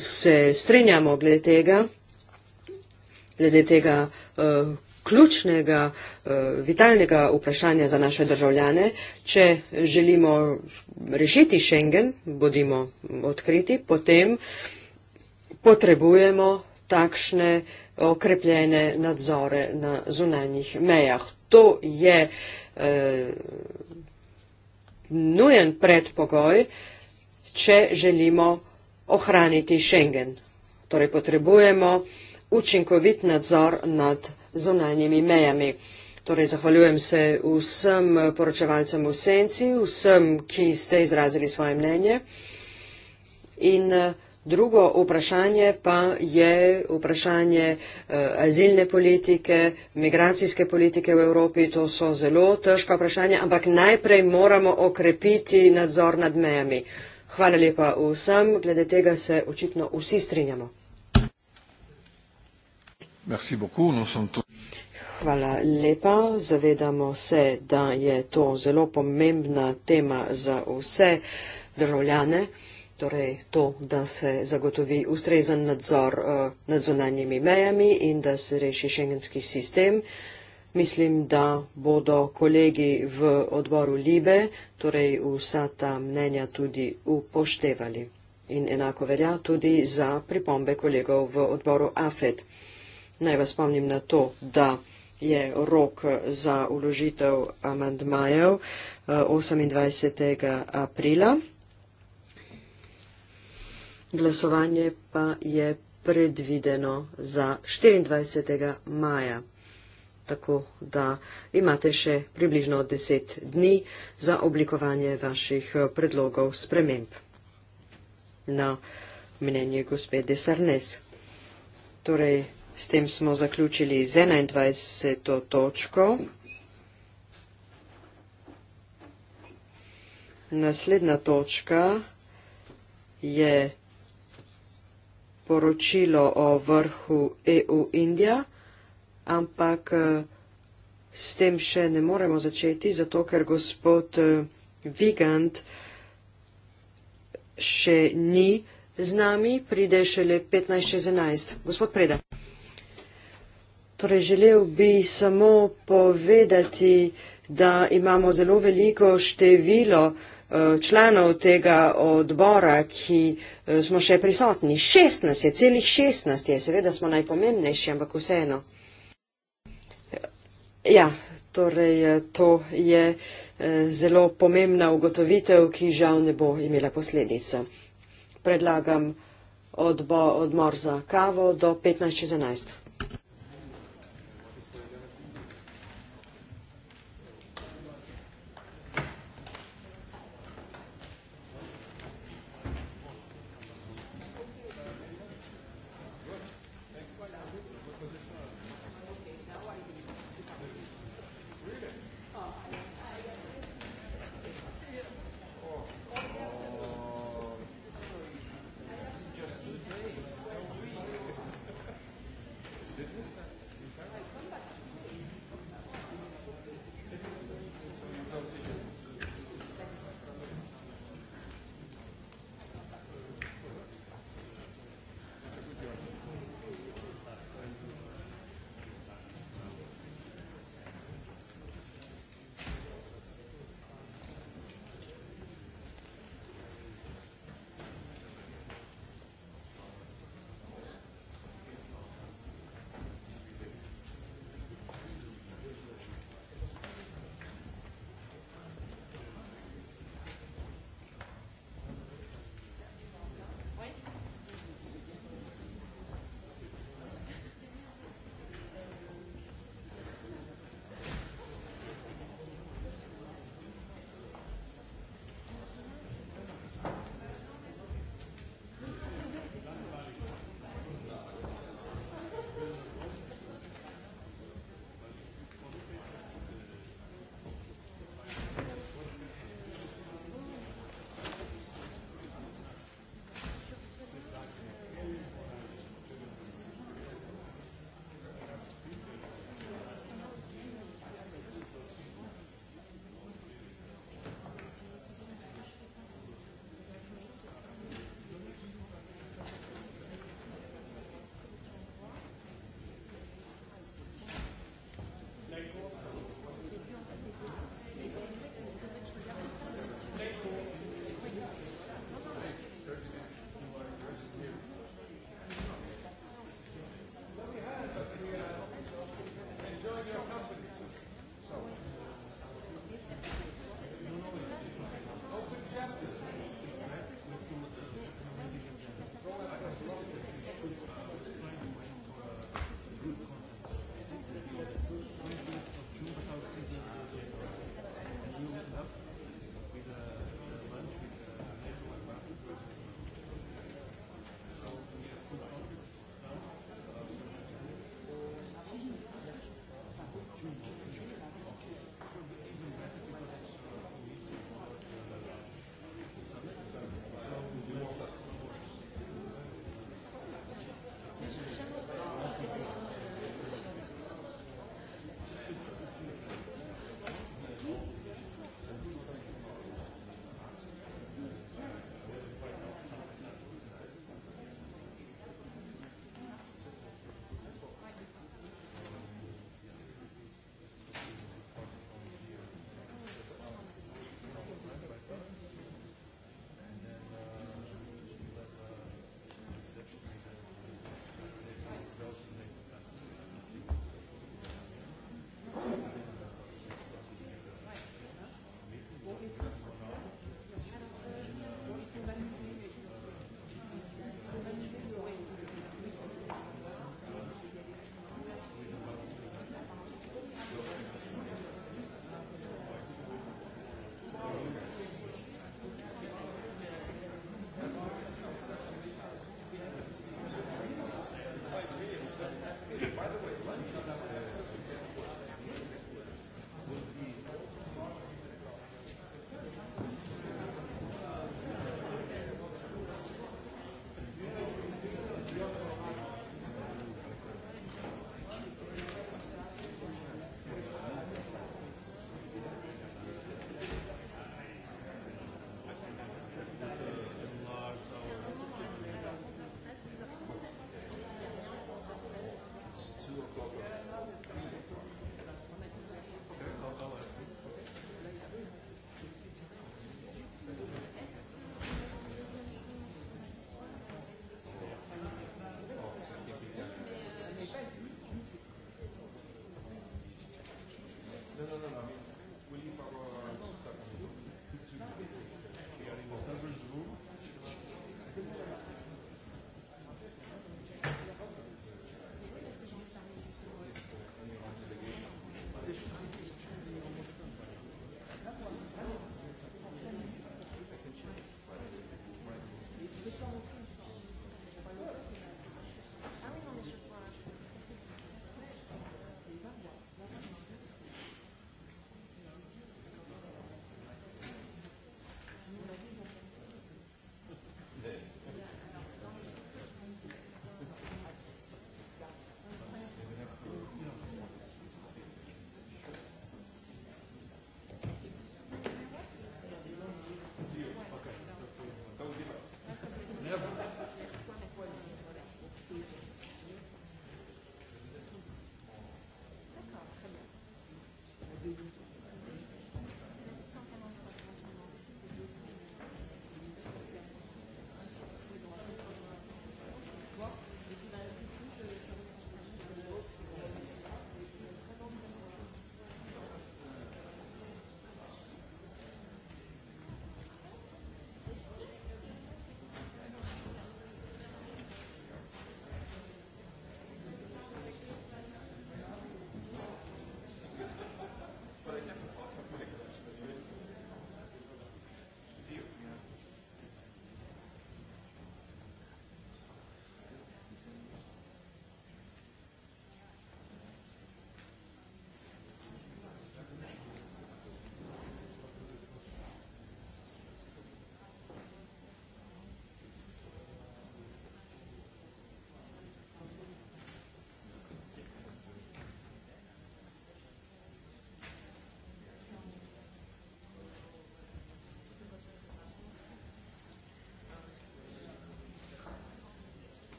se strinjamo glede tega, glede tega eh, ključnega, vitalnega vprašanja za naše državljane. Če želimo rešiti Schengen, bodimo odkriti, potem potrebujemo takšne okrepljene nadzore na zunanjih mejah to je eh, nujen predpogoj, če želimo ohraniti Schengen. Torej potrebujemo učinkovit nadzor nad zunanjimi mejami. Torej, zahvaljujem se vsem poročevalcem v senci, vsem, ki ste izrazili svoje mnenje. In, eh, Drugo vprašanje pa je vprašanje eh, azilne politike, migracijske politike v Evropi. To so zelo težka vprašanja, ampak najprej moramo okrepiti nadzor nad mejami. Hvala lepa vsem, glede tega se očitno vsi strinjamo. Hvala lepa. Zavedamo se, da je to zelo pomembna tema za vse državljane torej to, da se zagotovi ustrezen nadzor eh, nad zunanjimi mejami in da se reši šengenski sistem. Mislim, da bodo kolegi v odboru Libe, torej vsa ta mnenja tudi upoštevali. In enako velja tudi za pripombe kolegov v odboru AFED. Naj vas spomnim na to, da je rok eh, za uložitev amandmajev 28. Eh, aprila. Glasovanje pa je predvideno za 24. maja, tako da imate še približno 10 dni za oblikovanje vaših eh, predlogov sprememb. Na mnenje gospede Sarnes. Torej, s tem smo zaključili z 21. točko. Naslednja točka je poročilo o vrhu EU-Indija, ampak eh, s tem še ne moremo začeti, zato ker gospod eh, Vigand še ni z nami, pride šele 15.11. Gospod Preda. Torej, želel bi samo povedati, da imamo zelo veliko število Eh, članov tega odbora, ki eh, smo še prisotni. 16 je, celih 16 je, seveda smo najpomembnejši, ampak vseeno. Ja, torej eh, to je zelo pomembna ugotovitev, ki žal ne bo imela posledica. Predlagam odbo, odmor za kavo do 15.11.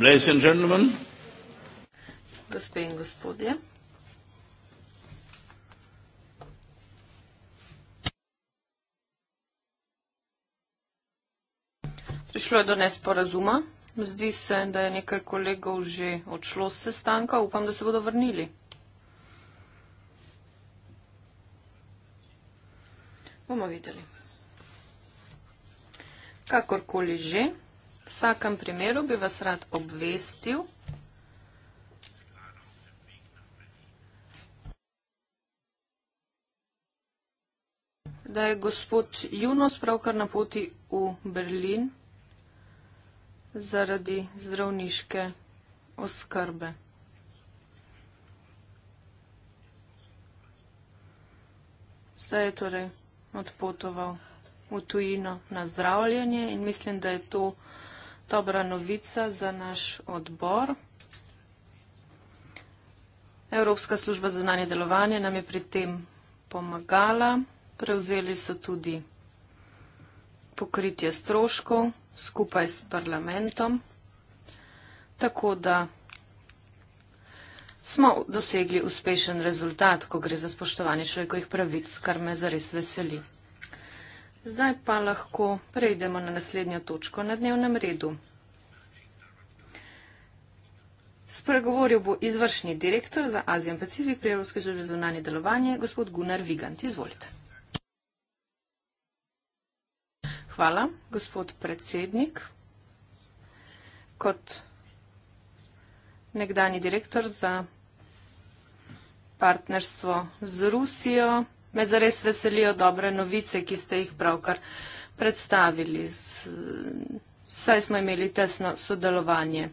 Ladies and gentlemen. Gospe in gospodje. Prišlo je do nesporazuma. Zdi se, da je nekaj kolegov že odšlo s sestanka. Upam, da se bodo vrnili. Bomo videli. Kakorkoli že vsakem primeru bi vas rad obvestil, da je gospod Junos pravkar na poti v Berlin zaradi zdravniške oskrbe. Zdaj je torej odpotoval v tujino na zdravljanje in mislim, da je to vsega dobra novica za naš odbor. Evropska služba za znanje delovanje nam je pri tem pomagala. Prevzeli so tudi pokritje stroškov skupaj s parlamentom. Tako da smo dosegli uspešen rezultat, ko gre za spoštovanje človekovih pravic, kar me zares veseli. Zdaj pa lahko prejdemo na naslednjo točko na dnevnem redu. Spregovoril bo izvršni direktor za Azijo in Pacifik pri Evropski službi za zunanje delovanje, gospod Gunnar Vigant. Izvolite. Hvala, gospod predsednik. Kot nekdani direktor za partnerstvo z Rusijo. Me zares veselijo dobre novice, ki ste jih pravkar predstavili. Saj smo imeli tesno sodelovanje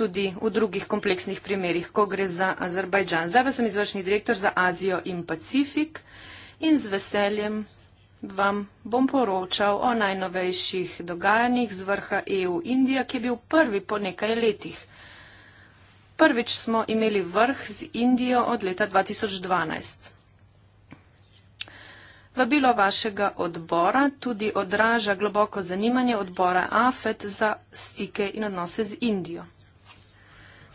tudi v drugih kompleksnih primerih, ko gre za Azerbajdžan. Zdaj pa sem izvršni direktor za Azijo in Pacifik in z veseljem vam bom poročal o najnovejših dogajanjih z vrha EU-Indija, ki je bil prvi po nekaj letih. Prvič smo imeli vrh z Indijo od leta 2012. Vabilo vašega odbora tudi odraža globoko zanimanje odbora AFET za stike in odnose z Indijo.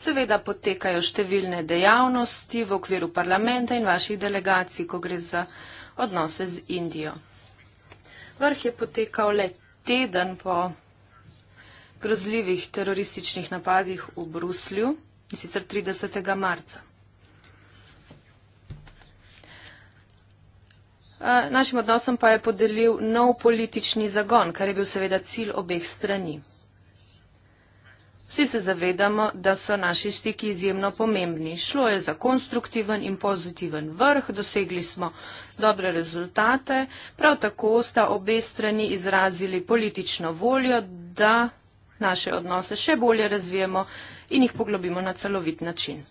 Seveda potekajo številne dejavnosti v okviru parlamenta in vaših delegacij, ko gre za odnose z Indijo. Vrh je potekal le teden po grozljivih terorističnih napadih v Bruslju, in sicer 30. marca. Eh, našim odnosom pa je podelil nov politični zagon, kar je bil seveda cilj obeh strani. Vsi se zavedamo, da so naši stiki izjemno pomembni. Šlo je za konstruktiven in pozitiven vrh, dosegli smo dobre rezultate, prav tako sta obe strani izrazili politično voljo, da naše odnose še bolje razvijemo in jih poglobimo na celovit način.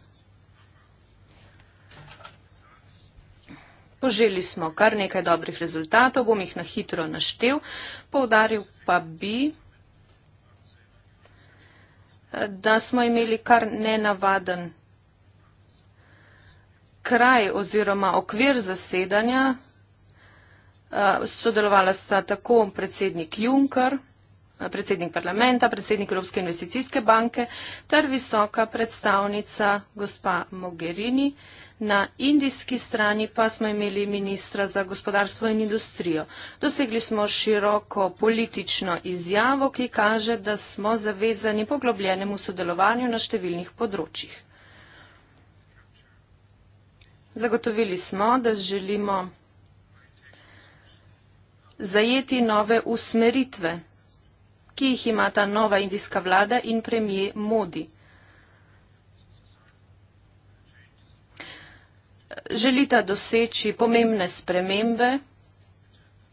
Poželi smo kar nekaj dobrih rezultatov, bom jih na hitro naštel, poudaril pa bi, da smo imeli kar nenavaden kraj oziroma okvir zasedanja. Eh, sodelovala sta tako predsednik Juncker, predsednik parlamenta, predsednik Evropske investicijske banke ter visoka predstavnica gospa Mogherini. Na indijski strani pa smo imeli ministra za gospodarstvo in industrijo. Dosegli smo široko politično izjavo, ki kaže, da smo zavezani poglobljenemu sodelovanju na številnih področjih. Zagotovili smo, da želimo zajeti nove usmeritve ki jih imata nova indijska vlada in premije Modi. Želita doseči pomembne spremembe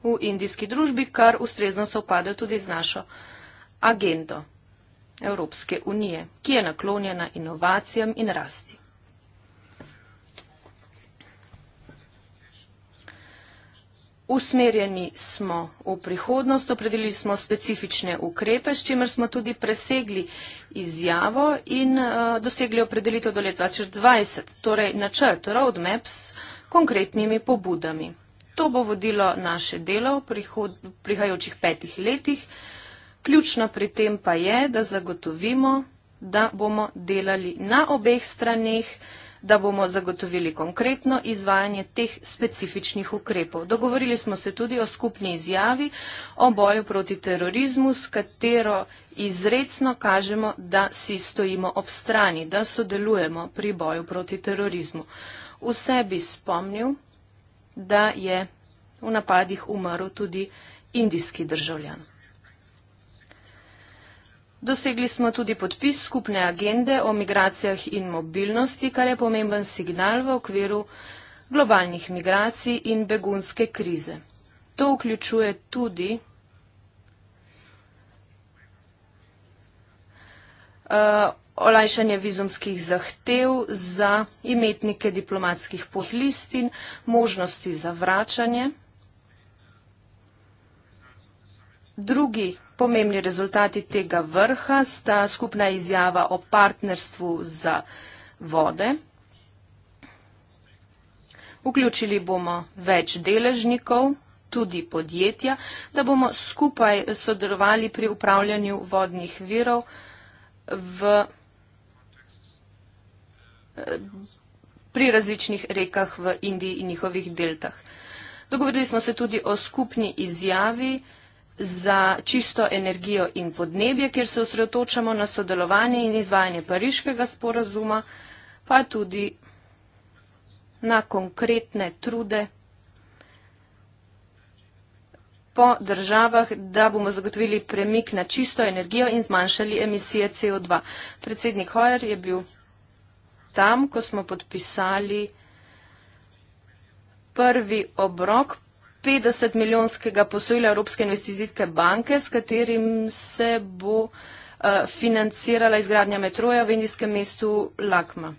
v indijski družbi, kar ustrezno se upade tudi z našo agendo Evropske unije, ki je naklonjena inovacijam in rasti. Usmerjeni smo v prihodnost, opredelili smo specifične ukrepe, s čimer smo tudi presegli izjavo in uh, dosegli opredelitev do leta 2020, torej načrt roadmap s konkretnimi pobudami. To bo vodilo naše delo v prihod, prihajajočih petih letih. Ključno pri tem pa je, da zagotovimo, da bomo delali na obeh straneh da bomo zagotovili konkretno izvajanje teh specifičnih ukrepov. Dogovorili smo se tudi o skupni izjavi o boju proti terorizmu, s katero izredno kažemo, da si stojimo ob strani, da sodelujemo pri boju proti terorizmu. Vse bi spomnil, da je v napadih umrl tudi indijski državljan. Dosegli smo tudi podpis skupne agende o migracijah in mobilnosti, kar je pomemben signal v okviru globalnih migracij in begunske krize. To vključuje tudi uh, olajšanje vizumskih zahtev za imetnike diplomatskih pohlistin, možnosti za vračanje. Drugi Pomembni rezultati tega vrha sta skupna izjava o partnerstvu za vode. Vključili bomo več deležnikov, tudi podjetja, da bomo skupaj sodelovali pri upravljanju vodnih virov v, pri različnih rekah v Indiji in njihovih deltah. Dogovorili smo se tudi o skupni izjavi, za čisto energijo in podnebje, kjer se osredotočamo na sodelovanje in izvajanje pariškega sporazuma, pa tudi na konkretne trude po državah, da bomo zagotovili premik na čisto energijo in zmanjšali emisije CO2. Predsednik Hojer je bil tam, ko smo podpisali prvi obrok 50 milijonskega posojila Evropske investicijske banke, s katerim se bo eh, financirala izgradnja metroja v indijskem mestu Lakma.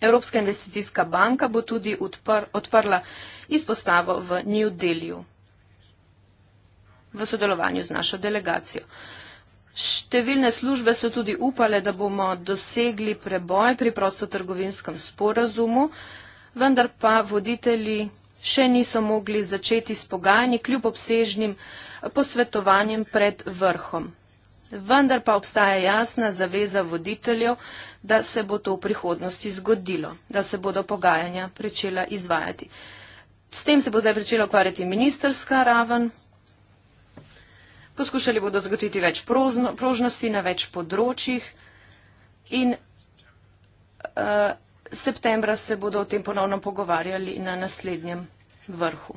Evropska investicijska banka bo tudi odpr, odprla izpostavo v New Delhiju v sodelovanju z našo delegacijo. Številne službe so tudi upale, da bomo dosegli preboj pri prostotrgovinskem sporazumu, vendar pa voditelji še niso mogli začeti s pogajanji kljub obsežnim posvetovanjem pred vrhom. Vendar pa obstaja jasna zaveza voditeljev, da se bo to v prihodnosti zgodilo, da se bodo pogajanja pričela izvajati. S tem se bo zdaj pričela ukvarjati ministerska raven. Poskušali bodo zgotiti več prožnosti na več področjih in uh, septembra se bodo o tem ponovno pogovarjali na naslednjem vrhu.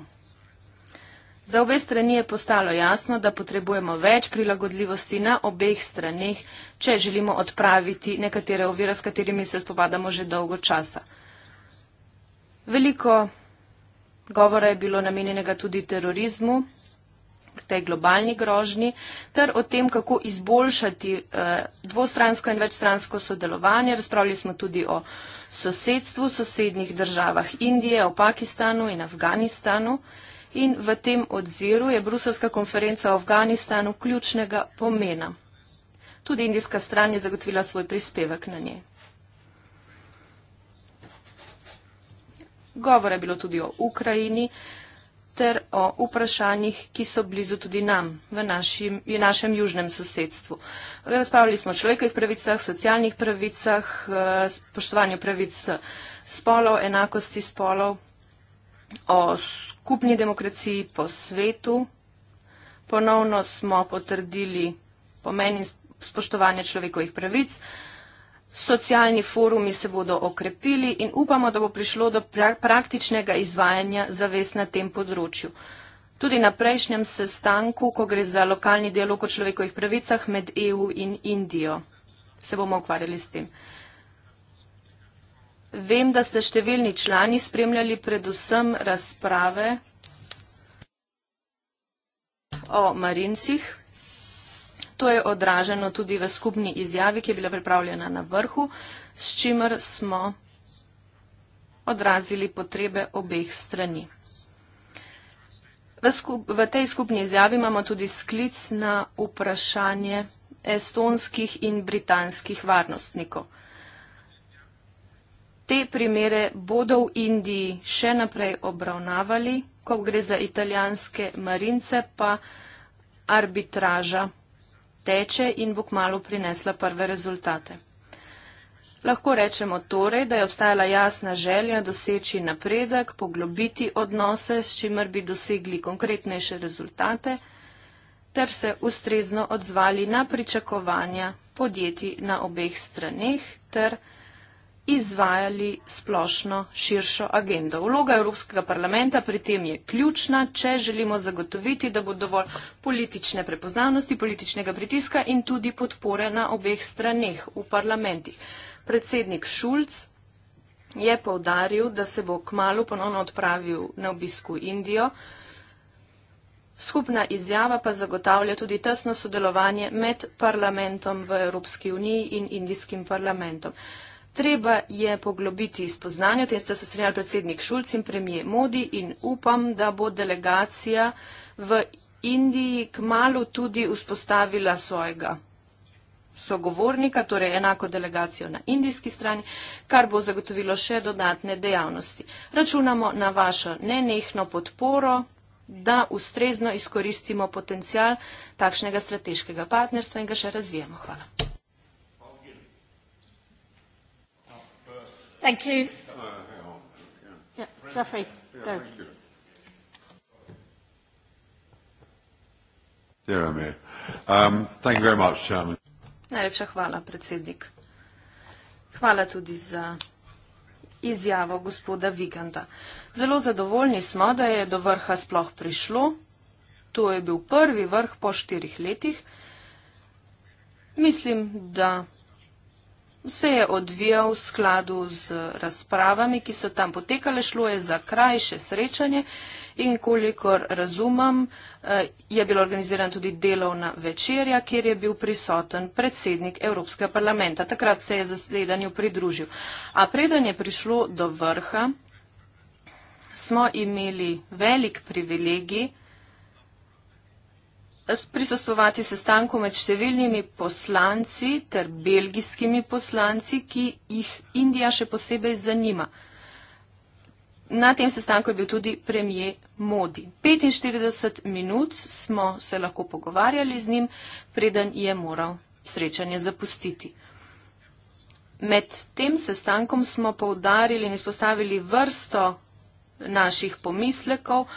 Za obe strani je postalo jasno, da potrebujemo več prilagodljivosti na obeh straneh, če želimo odpraviti nekatere ovire, s katerimi se spopadamo že dolgo časa. Veliko govora je bilo namenjenega tudi terorizmu tej globalni grožnji, ter o tem, kako izboljšati eh, dvostransko in večstransko sodelovanje. Razpravljali smo tudi o sosedstvu, sosednjih državah Indije, o Pakistanu in Afganistanu. In v tem odziru je Bruselska konferenca o Afganistanu ključnega pomena. Tudi indijska stran je zagotovila svoj prispevek na nje. Govor je bilo tudi o Ukrajini ter o vprašanjih, ki so blizu tudi nam, v našim, našem južnem sosedstvu. Razpravljali smo o človekovih pravicah, socialnih pravicah, eh, spoštovanju pravic spolov, enakosti spolov, o skupni demokraciji po svetu. Ponovno smo potrdili pomen in spoštovanje človekovih pravic. Socialni forumi se bodo okrepili in upamo, da bo prišlo do pra praktičnega izvajanja zaves na tem področju. Tudi na prejšnjem sestanku, ko gre za lokalni dialog o človekovih pravicah med EU in Indijo, se bomo ukvarjali s tem. Vem, da ste številni člani spremljali predvsem razprave o marincih, To je odraženo tudi v skupni izjavi, ki je bila pripravljena na vrhu, s čimer smo odrazili potrebe obeh strani. V, skup, v tej skupni izjavi imamo tudi sklic na vprašanje estonskih in britanskih varnostnikov. Te primere bodo v Indiji še naprej obravnavali, ko gre za italijanske marince, pa arbitraža teče in bo kmalo prinesla prve rezultate. Lahko rečemo torej, da je obstajala jasna želja doseči napredek, poglobiti odnose, s čimer bi dosegli konkretnejše rezultate, ter se ustrezno odzvali na pričakovanja podjetij na obeh straneh ter izvajali splošno širšo agendo. Vloga Evropskega parlamenta pri tem je ključna, če želimo zagotoviti, da bo dovolj politične prepoznavnosti, političnega pritiska in tudi podpore na obeh straneh v parlamentih. Predsednik Šulc je povdaril, da se bo kmalo ponovno odpravil na obisku Indijo. Skupna izjava pa zagotavlja tudi tesno sodelovanje med parlamentom v Evropski uniji in indijskim parlamentom. Treba je poglobiti spoznanje, o tem sta se strinjali predsednik Šulc in premije Modi in upam, da bo delegacija v Indiji kmalo tudi vzpostavila svojega sogovornika, torej enako delegacijo na indijski strani, kar bo zagotovilo še dodatne dejavnosti. Računamo na vašo nenehno podporo, da ustrezno izkoristimo potencial takšnega strateškega partnerstva in ga še razvijamo. Hvala. Thank you. Jeffrey, go. Dear me. Um, thank you very much, Chairman. Najlepša hvala, predsednik. Hvala tudi za izjavo gospoda Viganda. Zelo zadovoljni smo, da je do vrha sploh prišlo. To je bil prvi vrh po štirih letih. Mislim, da Vse je odvijal v skladu z razpravami, ki so tam potekale, šlo je za krajše srečanje in kolikor razumem, eh, je bila organizirana tudi delovna večerja, kjer je bil prisoten predsednik Evropskega parlamenta. Takrat se je zasedanju pridružil. A preden je prišlo do vrha, smo imeli velik privilegij, prisostovati sestanku med številnimi poslanci ter belgijskimi poslanci, ki jih Indija še posebej zanima. Na tem sestanku je bil tudi premije Modi. 45 minut smo se lahko pogovarjali z njim, preden je moral srečanje zapustiti. Med tem sestankom smo poudarili in izpostavili vrsto naših pomislekov, uh,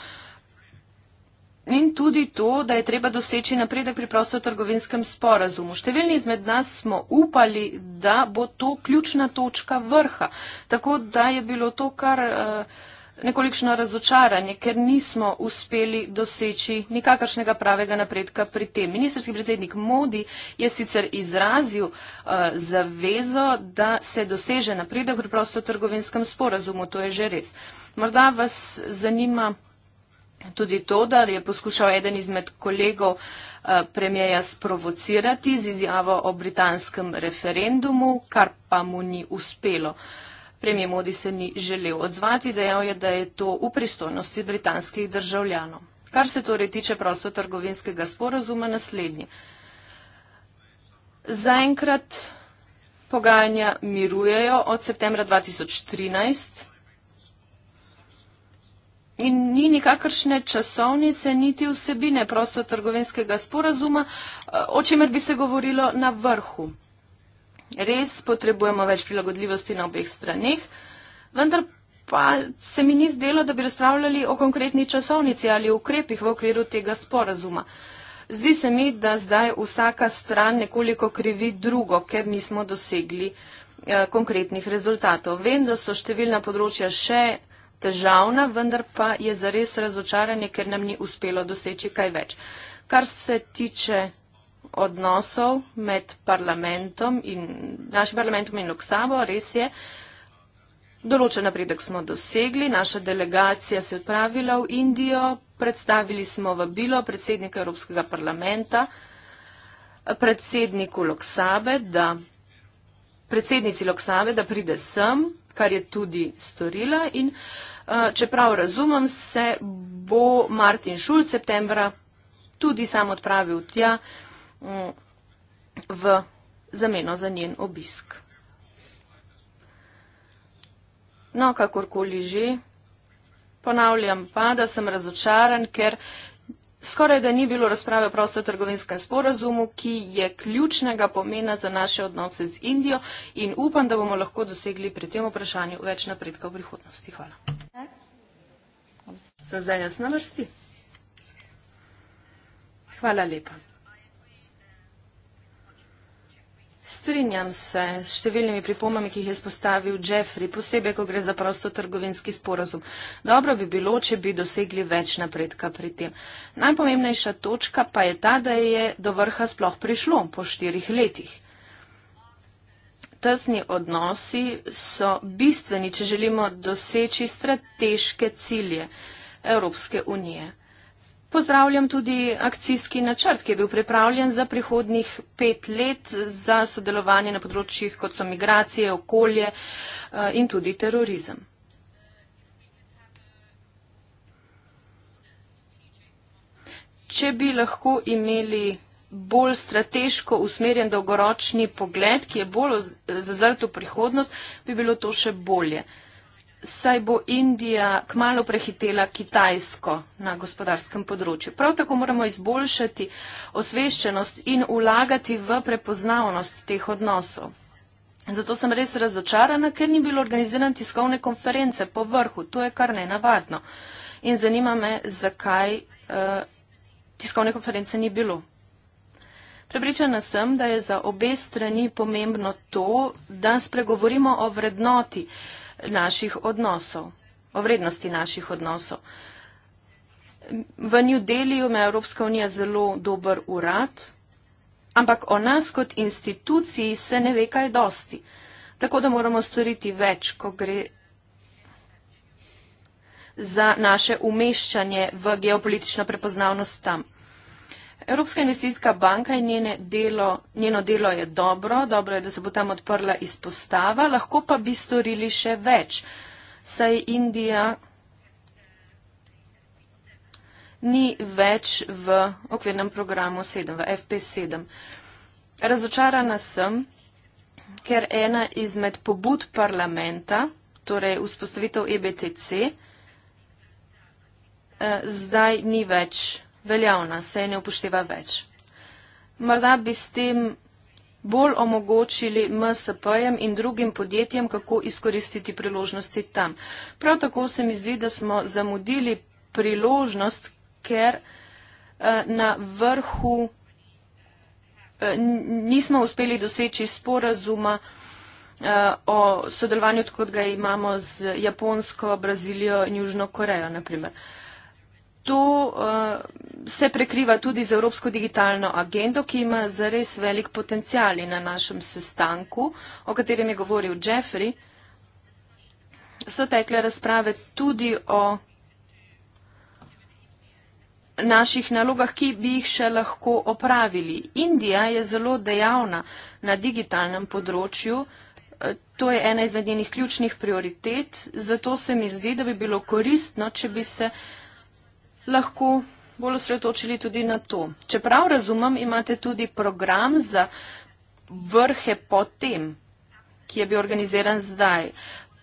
In tudi to, da je treba doseči napredek pri prostotrgovinskem sporazumu. Številni izmed nas smo upali, da bo to ključna točka vrha. Tako da je bilo to kar eh, nekolikšno razočaranje, ker nismo uspeli doseči nikakršnega pravega napredka pri tem. Ministrski predsednik Modi je sicer izrazil uh, zavezo, da se doseže napredek pri prostotrgovinskem sporazumu. To je že res. Morda vas zanima. Tudi to, da je poskušal eden izmed kolegov eh, premijeja sprovocirati z izjavo o britanskem referendumu, kar pa mu ni uspelo. Premijer Modi se ni želel odzvati, dejal je, da je to v pristojnosti britanskih državljanov. Kar se torej tiče prostotrgovinskega sporozuma naslednje. Zaenkrat pogajanja mirujejo od septembra 2013. In ni nikakršne časovnice, niti vsebine prostotrgovinskega sporazuma, eh, o čemer bi se govorilo na vrhu. Res potrebujemo več prilagodljivosti na obeh straneh, vendar pa se mi ni zdelo, da bi razpravljali o konkretni časovnici ali ukrepih v okviru tega sporazuma. Zdi se mi, da zdaj vsaka stran nekoliko krivi drugo, ker nismo dosegli eh, konkretnih rezultatov. Vem, da so številna področja še težavna, vendar pa je zares razočaranje, ker nam ni uspelo doseči kaj več. Kar se tiče odnosov med parlamentom in našim parlamentom in Luksavo, res je, določen napredek smo dosegli, naša delegacija se je odpravila v Indijo, predstavili smo vabilo predsednika Evropskega parlamenta, predsedniku Loksabe, da predsednici Loksabe, da pride sem, kar je tudi storila. In, eh, če prav razumem, se bo Martin Šulc septembra tudi sam odpravil tja mm, v zameno za njen obisk. No, kakorkoli že, ponavljam pa, da sem razočaran, ker Skoraj da ni bilo razprave o prostotrgovinskem sporazumu, ki je ključnega pomena za naše odnose z Indijo in upam, da bomo lahko dosegli pri tem vprašanju več napredka v prihodnosti. Hvala. Sem zdaj jaz na vrsti? Hvala lepa. Strinjam se s številnimi pripomami, ki jih je spostavil Jeffrey, posebej, ko gre za prostotrgovinski sporozum. Dobro bi bilo, če bi dosegli več napredka pri tem. Najpomembnejša točka pa je ta, da je do vrha sploh prišlo po štirih letih. Tesni odnosi so bistveni, če želimo doseči strateške cilje Evropske unije. Pozdravljam tudi akcijski načrt, ki je bil pripravljen za prihodnih pet let za sodelovanje na področjih, kot so migracije, okolje eh, in tudi terorizem. Če bi lahko imeli bolj strateško usmerjen dolgoročni pogled, ki je bolj zazrt v prihodnost, bi bilo to še bolje saj bo Indija kmalo prehitela Kitajsko na gospodarskem področju. Prav tako moramo izboljšati osveščenost in ulagati v prepoznavnost teh odnosov. Zato sem res razočarana, ker ni bilo organizirane tiskovne konference po vrhu. To je kar nenavadno. In zanima me, zakaj uh, tiskovne konference ni bilo. Prepričana sem, da je za obe strani pomembno to, da spregovorimo o vrednoti. Uh, naših odnosov, o vrednosti naših odnosov. V New Delhiju ima Evropska unija zelo dober urad, ampak o nas kot instituciji se ne ve kaj dosti. Tako da moramo storiti več, ko gre za naše umeščanje v geopolitično prepoznavnost tam. Evropska investicijska banka in delo, njeno delo je dobro, dobro je, da se bo tam odprla izpostava, lahko pa bi storili še več. Saj Indija ni več v okvirnem programu 7, v FP7. Razočarana sem, ker ena izmed pobud parlamenta, torej vzpostavitev EBTC, eh, zdaj ni več veljavna, se ne upošteva več. Morda bi s tem bolj omogočili MSP-jem in drugim podjetjem, kako izkoristiti priložnosti tam. Prav tako se mi zdi, da smo zamudili priložnost, ker eh, na vrhu eh, nismo uspeli doseči sporazuma eh, o sodelovanju, tako kot ga imamo z Japonsko, Brazilijo in Južno Korejo, naprimer to uh, se prekriva tudi z Evropsko digitalno agendo, ki ima zares velik potencijal in na našem sestanku, o katerem je govoril Jeffrey, so tekle razprave tudi o naših nalogah, ki bi jih še lahko opravili. Indija je zelo dejavna na digitalnem področju, eh, to je ena izmed njenih ključnih prioritet, zato se mi zdi, da bi bilo koristno, če bi se uh, lahko bolj osredotočili tudi na to. Čeprav razumem, imate tudi program za vrhe potem, ki je bil organiziran zdaj.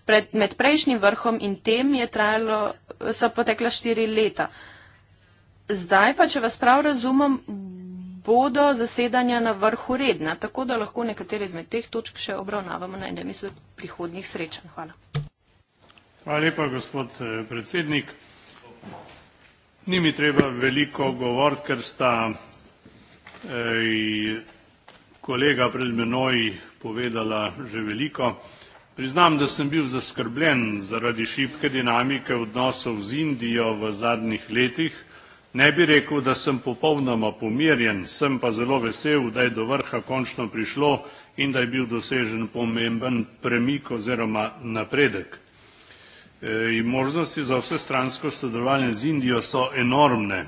Pred, med prejšnjim vrhom in tem je trajalo, so potekla štiri leta. Zdaj pa, če vas prav razumem, bodo zasedanja na vrhu redna, tako da lahko nekatere izmed teh točk še obravnavamo na enem izmed prihodnjih srečanj. Hvala. Hvala lepa, gospod eh, predsednik. Ni mi treba veliko govoriti, ker sta eh, kolega pred menoj povedala že veliko. Priznam, da sem bil zaskrbljen zaradi šibke dinamike odnosov z Indijo v zadnjih letih. Ne bi rekel, da sem popolnoma pomirjen, sem pa zelo vesel, da je do vrha končno prišlo in da je bil dosežen pomemben premik oziroma napredek eh, in možnosti za vsestransko sodelovanje z Indijo so enormne,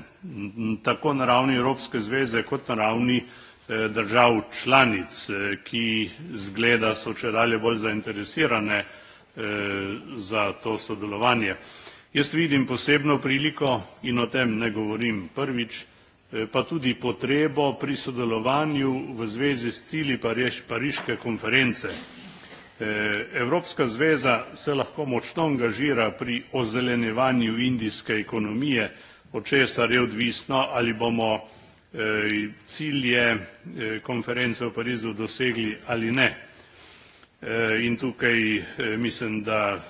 tako na ravni Evropske zveze kot na ravni eh, držav članic, eh, ki zgleda so če dalje bolj zainteresirane eh, za to sodelovanje. Jaz vidim posebno priliko in o tem ne govorim prvič, e, pa tudi potrebo pri sodelovanju v zvezi s cili Pariške konference. Eh, Evropska zveza se lahko močno angažira pri ozelenevanju indijske ekonomije, od česar je odvisno, ali bomo eh, cilje eh, konference v Parizu dosegli ali ne. In tukaj mislim, da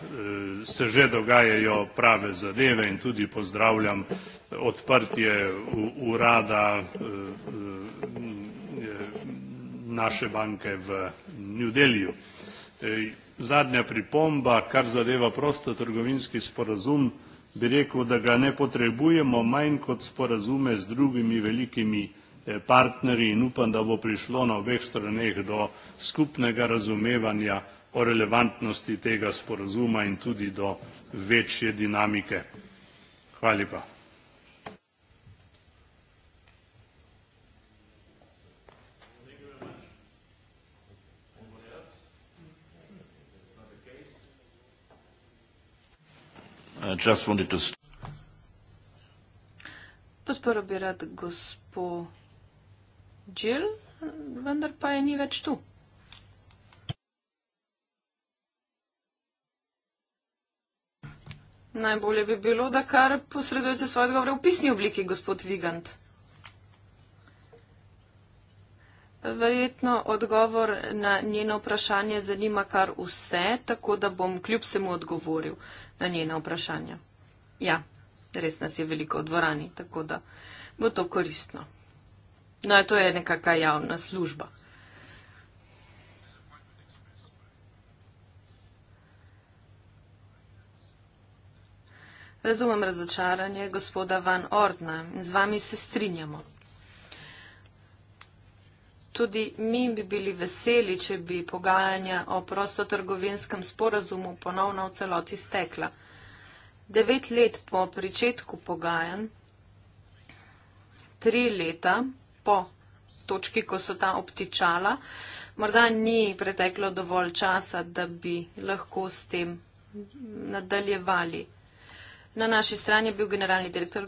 se že dogajajo prave zadeve in tudi pozdravljam odprtje urada naše banke v New Delhiju. E, zadnja pripomba, kar zadeva prostotrgovinski sporazum, bi rekel, da ga ne potrebujemo manj kot sporazume z drugimi velikimi e, partnerji in upam, da bo prišlo na obeh straneh do skupnega razumevanja o relevantnosti tega sporazuma in tudi do večje dinamike. Hvala lepa. just wanted to Podporo bi rad gospo Jill, vendar pa je ni več tu. Najbolje bi bilo, da kar posredujete svoje odgovore v pisni obliki, gospod Vigant. Verjetno odgovor na njeno vprašanje zanima kar vse, tako da bom kljub se mu odgovoril na njene vprašanja. Ja, res nas je veliko v dvorani, tako da bo to koristno. No, to je nekakšna javna služba. Razumem razočaranje gospoda Van Ordna in z vami se strinjamo. Tudi mi bi bili veseli, če bi pogajanja o prostotrgovinskem sporazumu ponovno v celoti stekla. Devet let po pričetku pogajanj, tri leta po točki, ko so ta obtičala, morda ni preteklo dovolj časa, da bi lahko s tem nadaljevali. Na naši strani je bil generalni direktor,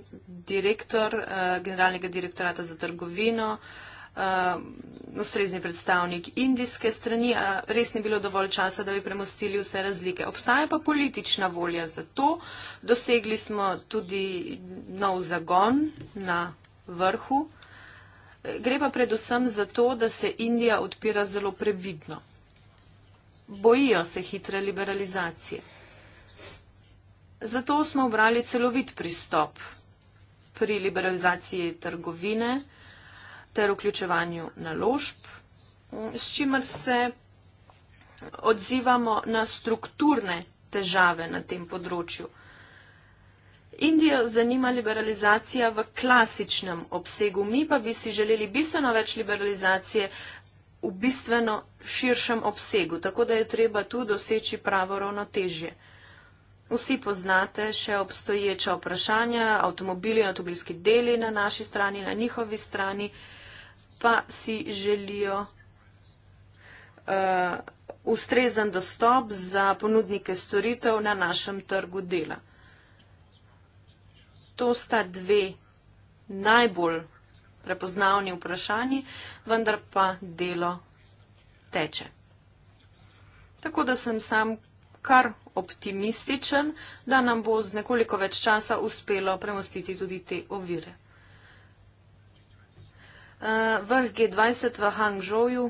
direktor uh, generalnega direktorata za trgovino, uh, Um, ustrezni predstavnik indijske strani, a res ni bilo dovolj časa, da bi premostili vse razlike. Obstaja pa politična volja za to. Dosegli smo tudi nov zagon na vrhu. Gre pa predvsem za to, da se Indija odpira zelo previdno. Bojijo se hitre liberalizacije. Zato smo obrali celovit pristop pri liberalizaciji trgovine, ter vključevanju naložb, s čimer se odzivamo na strukturne težave na tem področju. Indijo zanima liberalizacija v klasičnem obsegu, mi pa bi si želeli bistveno več liberalizacije v bistveno širšem obsegu, tako da je treba tu doseči pravo ravnotežje. Vsi poznate še obstoječa vprašanja, avtomobili in avtomobilski deli na naši strani, na njihovi strani pa si želijo uh, ustrezen dostop za ponudnike storitev na našem trgu dela. To sta dve najbolj prepoznavni vprašanji, vendar pa delo teče. Tako da sem sam kar optimističen, da nam bo z nekoliko več časa uspelo premostiti tudi te ovire. Eh, vrh G20 v Hangžoju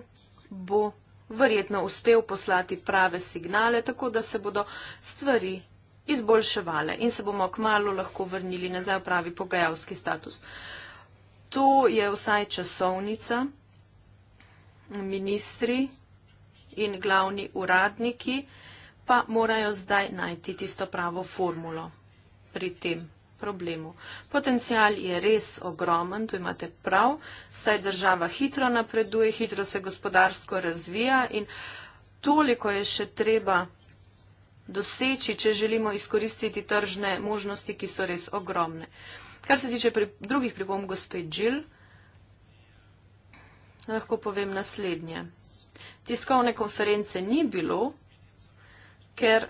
bo verjetno uspel poslati prave signale, tako da se bodo stvari izboljševale in se bomo kmalo lahko vrnili nazaj v pravi pogajalski status. To je vsaj časovnica. Ministri in glavni uradniki pa morajo zdaj najti tisto pravo formulo pri tem problemu. Potencial je res ogromen, tu imate prav, saj država hitro napreduje, hitro se gospodarsko razvija in toliko je še treba doseči, če želimo izkoristiti tržne možnosti, ki so res ogromne. Kar se tiče pri drugih pripomb gospe Džil, lahko povem naslednje. Tiskovne konference ni bilo, ker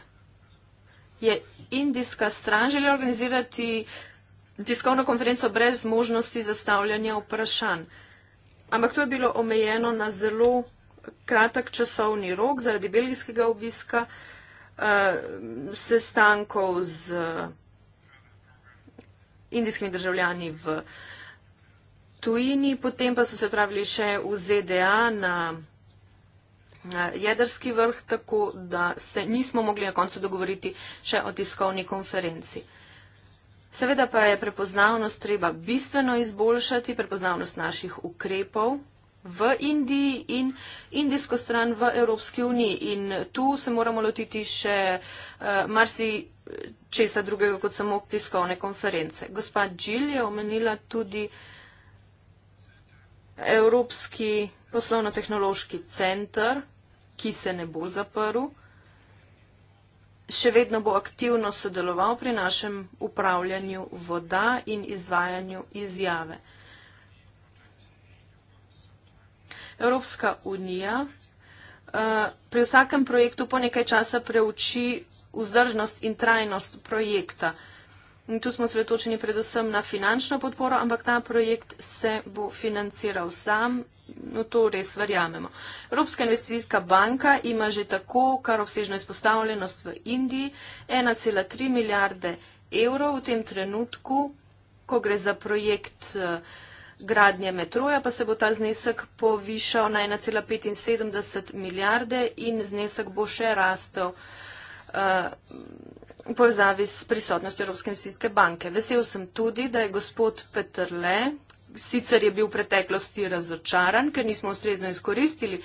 je indijska stran želela organizirati tiskovno konferenco brez možnosti zastavljanja vprašanj. Ampak to je bilo omejeno na zelo kratek časovni rok zaradi belgijskega obiska, eh, sestankov z eh, indijskimi državljani v tujini, potem pa so se pravili še v ZDA na Eh, jedrski vrh, tako da se nismo mogli na koncu dogovoriti še o tiskovni konferenci. Seveda pa je prepoznavnost treba bistveno izboljšati, prepoznavnost naših ukrepov v Indiji in indijsko stran v Evropski uniji. In tu se moramo lotiti še uh, marsi česa drugega kot samo tiskovne konference. Gospa Džil je omenila tudi Evropski poslovno-tehnološki centr, ki se ne bo zaprl. Še vedno bo aktivno sodeloval pri našem upravljanju voda in izvajanju izjave. Evropska unija eh, pri vsakem projektu po nekaj časa preuči vzdržnost in trajnost projekta. In tu smo sredočeni predvsem na finančno podporo, ampak ta projekt se bo financiral sam no, to res verjamemo. Evropska investicijska banka ima že tako kar obsežno izpostavljenost v Indiji, 1,3 milijarde evrov v tem trenutku, ko gre za projekt eh, gradnje metroja, pa se bo ta znesek povišal na 1,75 milijarde in znesek bo še rastel. Uh, v povezavi s prisotnostjo Evropske investicijske banke. Vesel sem tudi, da je gospod Petrle, sicer je bil v preteklosti razočaran, ker nismo ustrezno izkoristili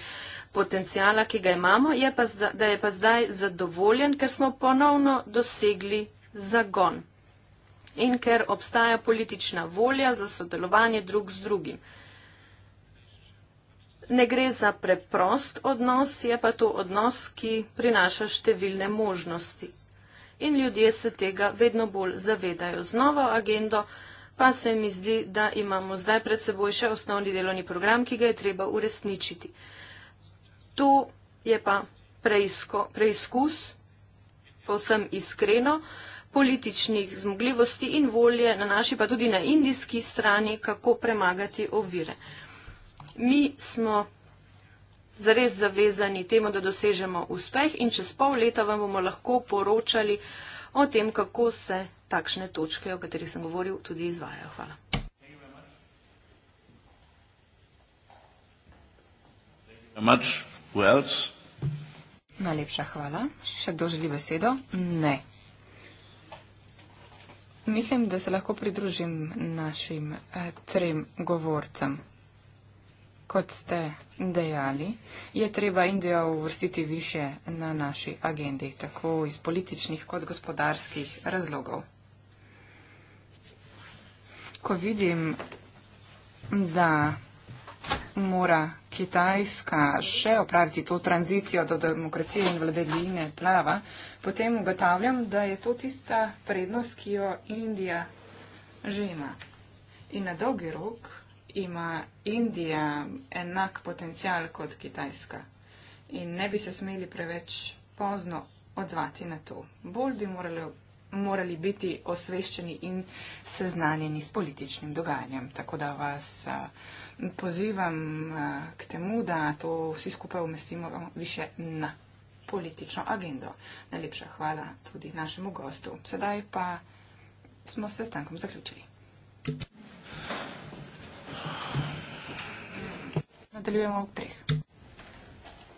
potencijala, ki ga imamo, je pa zda, da je pa zdaj zadovoljen, ker smo ponovno dosegli zagon in ker obstaja politična volja za sodelovanje drug z drugim. Ne gre za preprost odnos, je pa to odnos, ki prinaša številne možnosti in ljudje se tega vedno bolj zavedajo. Z novo agendo pa se mi zdi, da imamo zdaj pred seboj še osnovni delovni program, ki ga je treba uresničiti. To je pa preisko, preizkus, posem iskreno, političnih zmogljivosti in volje na naši, pa tudi na indijski strani, kako premagati ovire. Mi smo zares zavezani temu, da dosežemo uspeh in čez pol leta vam bomo lahko poročali o tem, kako se takšne točke, o katerih sem govoril, tudi izvajajo. Hvala. Najlepša hvala. Še kdo želi besedo? Ne. Mislim, da se lahko pridružim našim eh, trem govorcem kot ste dejali, je treba Indijo uvrstiti više na naši agendi, tako iz političnih kot gospodarskih razlogov. Ko vidim, da mora Kitajska še opraviti to tranzicijo do demokracije in vladeline plava, potem ugotavljam, da je to tista prednost, ki jo Indija že ima. In na dolgi rok ima Indija enak potencial kot Kitajska in ne bi se smeli preveč pozno odzvati na to. Bolj bi morali, morali biti osveščeni in seznanjeni s političnim dogajanjem. Tako da vas pozivam k temu, da to vsi skupaj umestimo više na politično agendo. Najlepša hvala tudi našemu gostu. Sedaj pa smo se s tankom zaključili. Thank you. Nadaljujemo ob treh.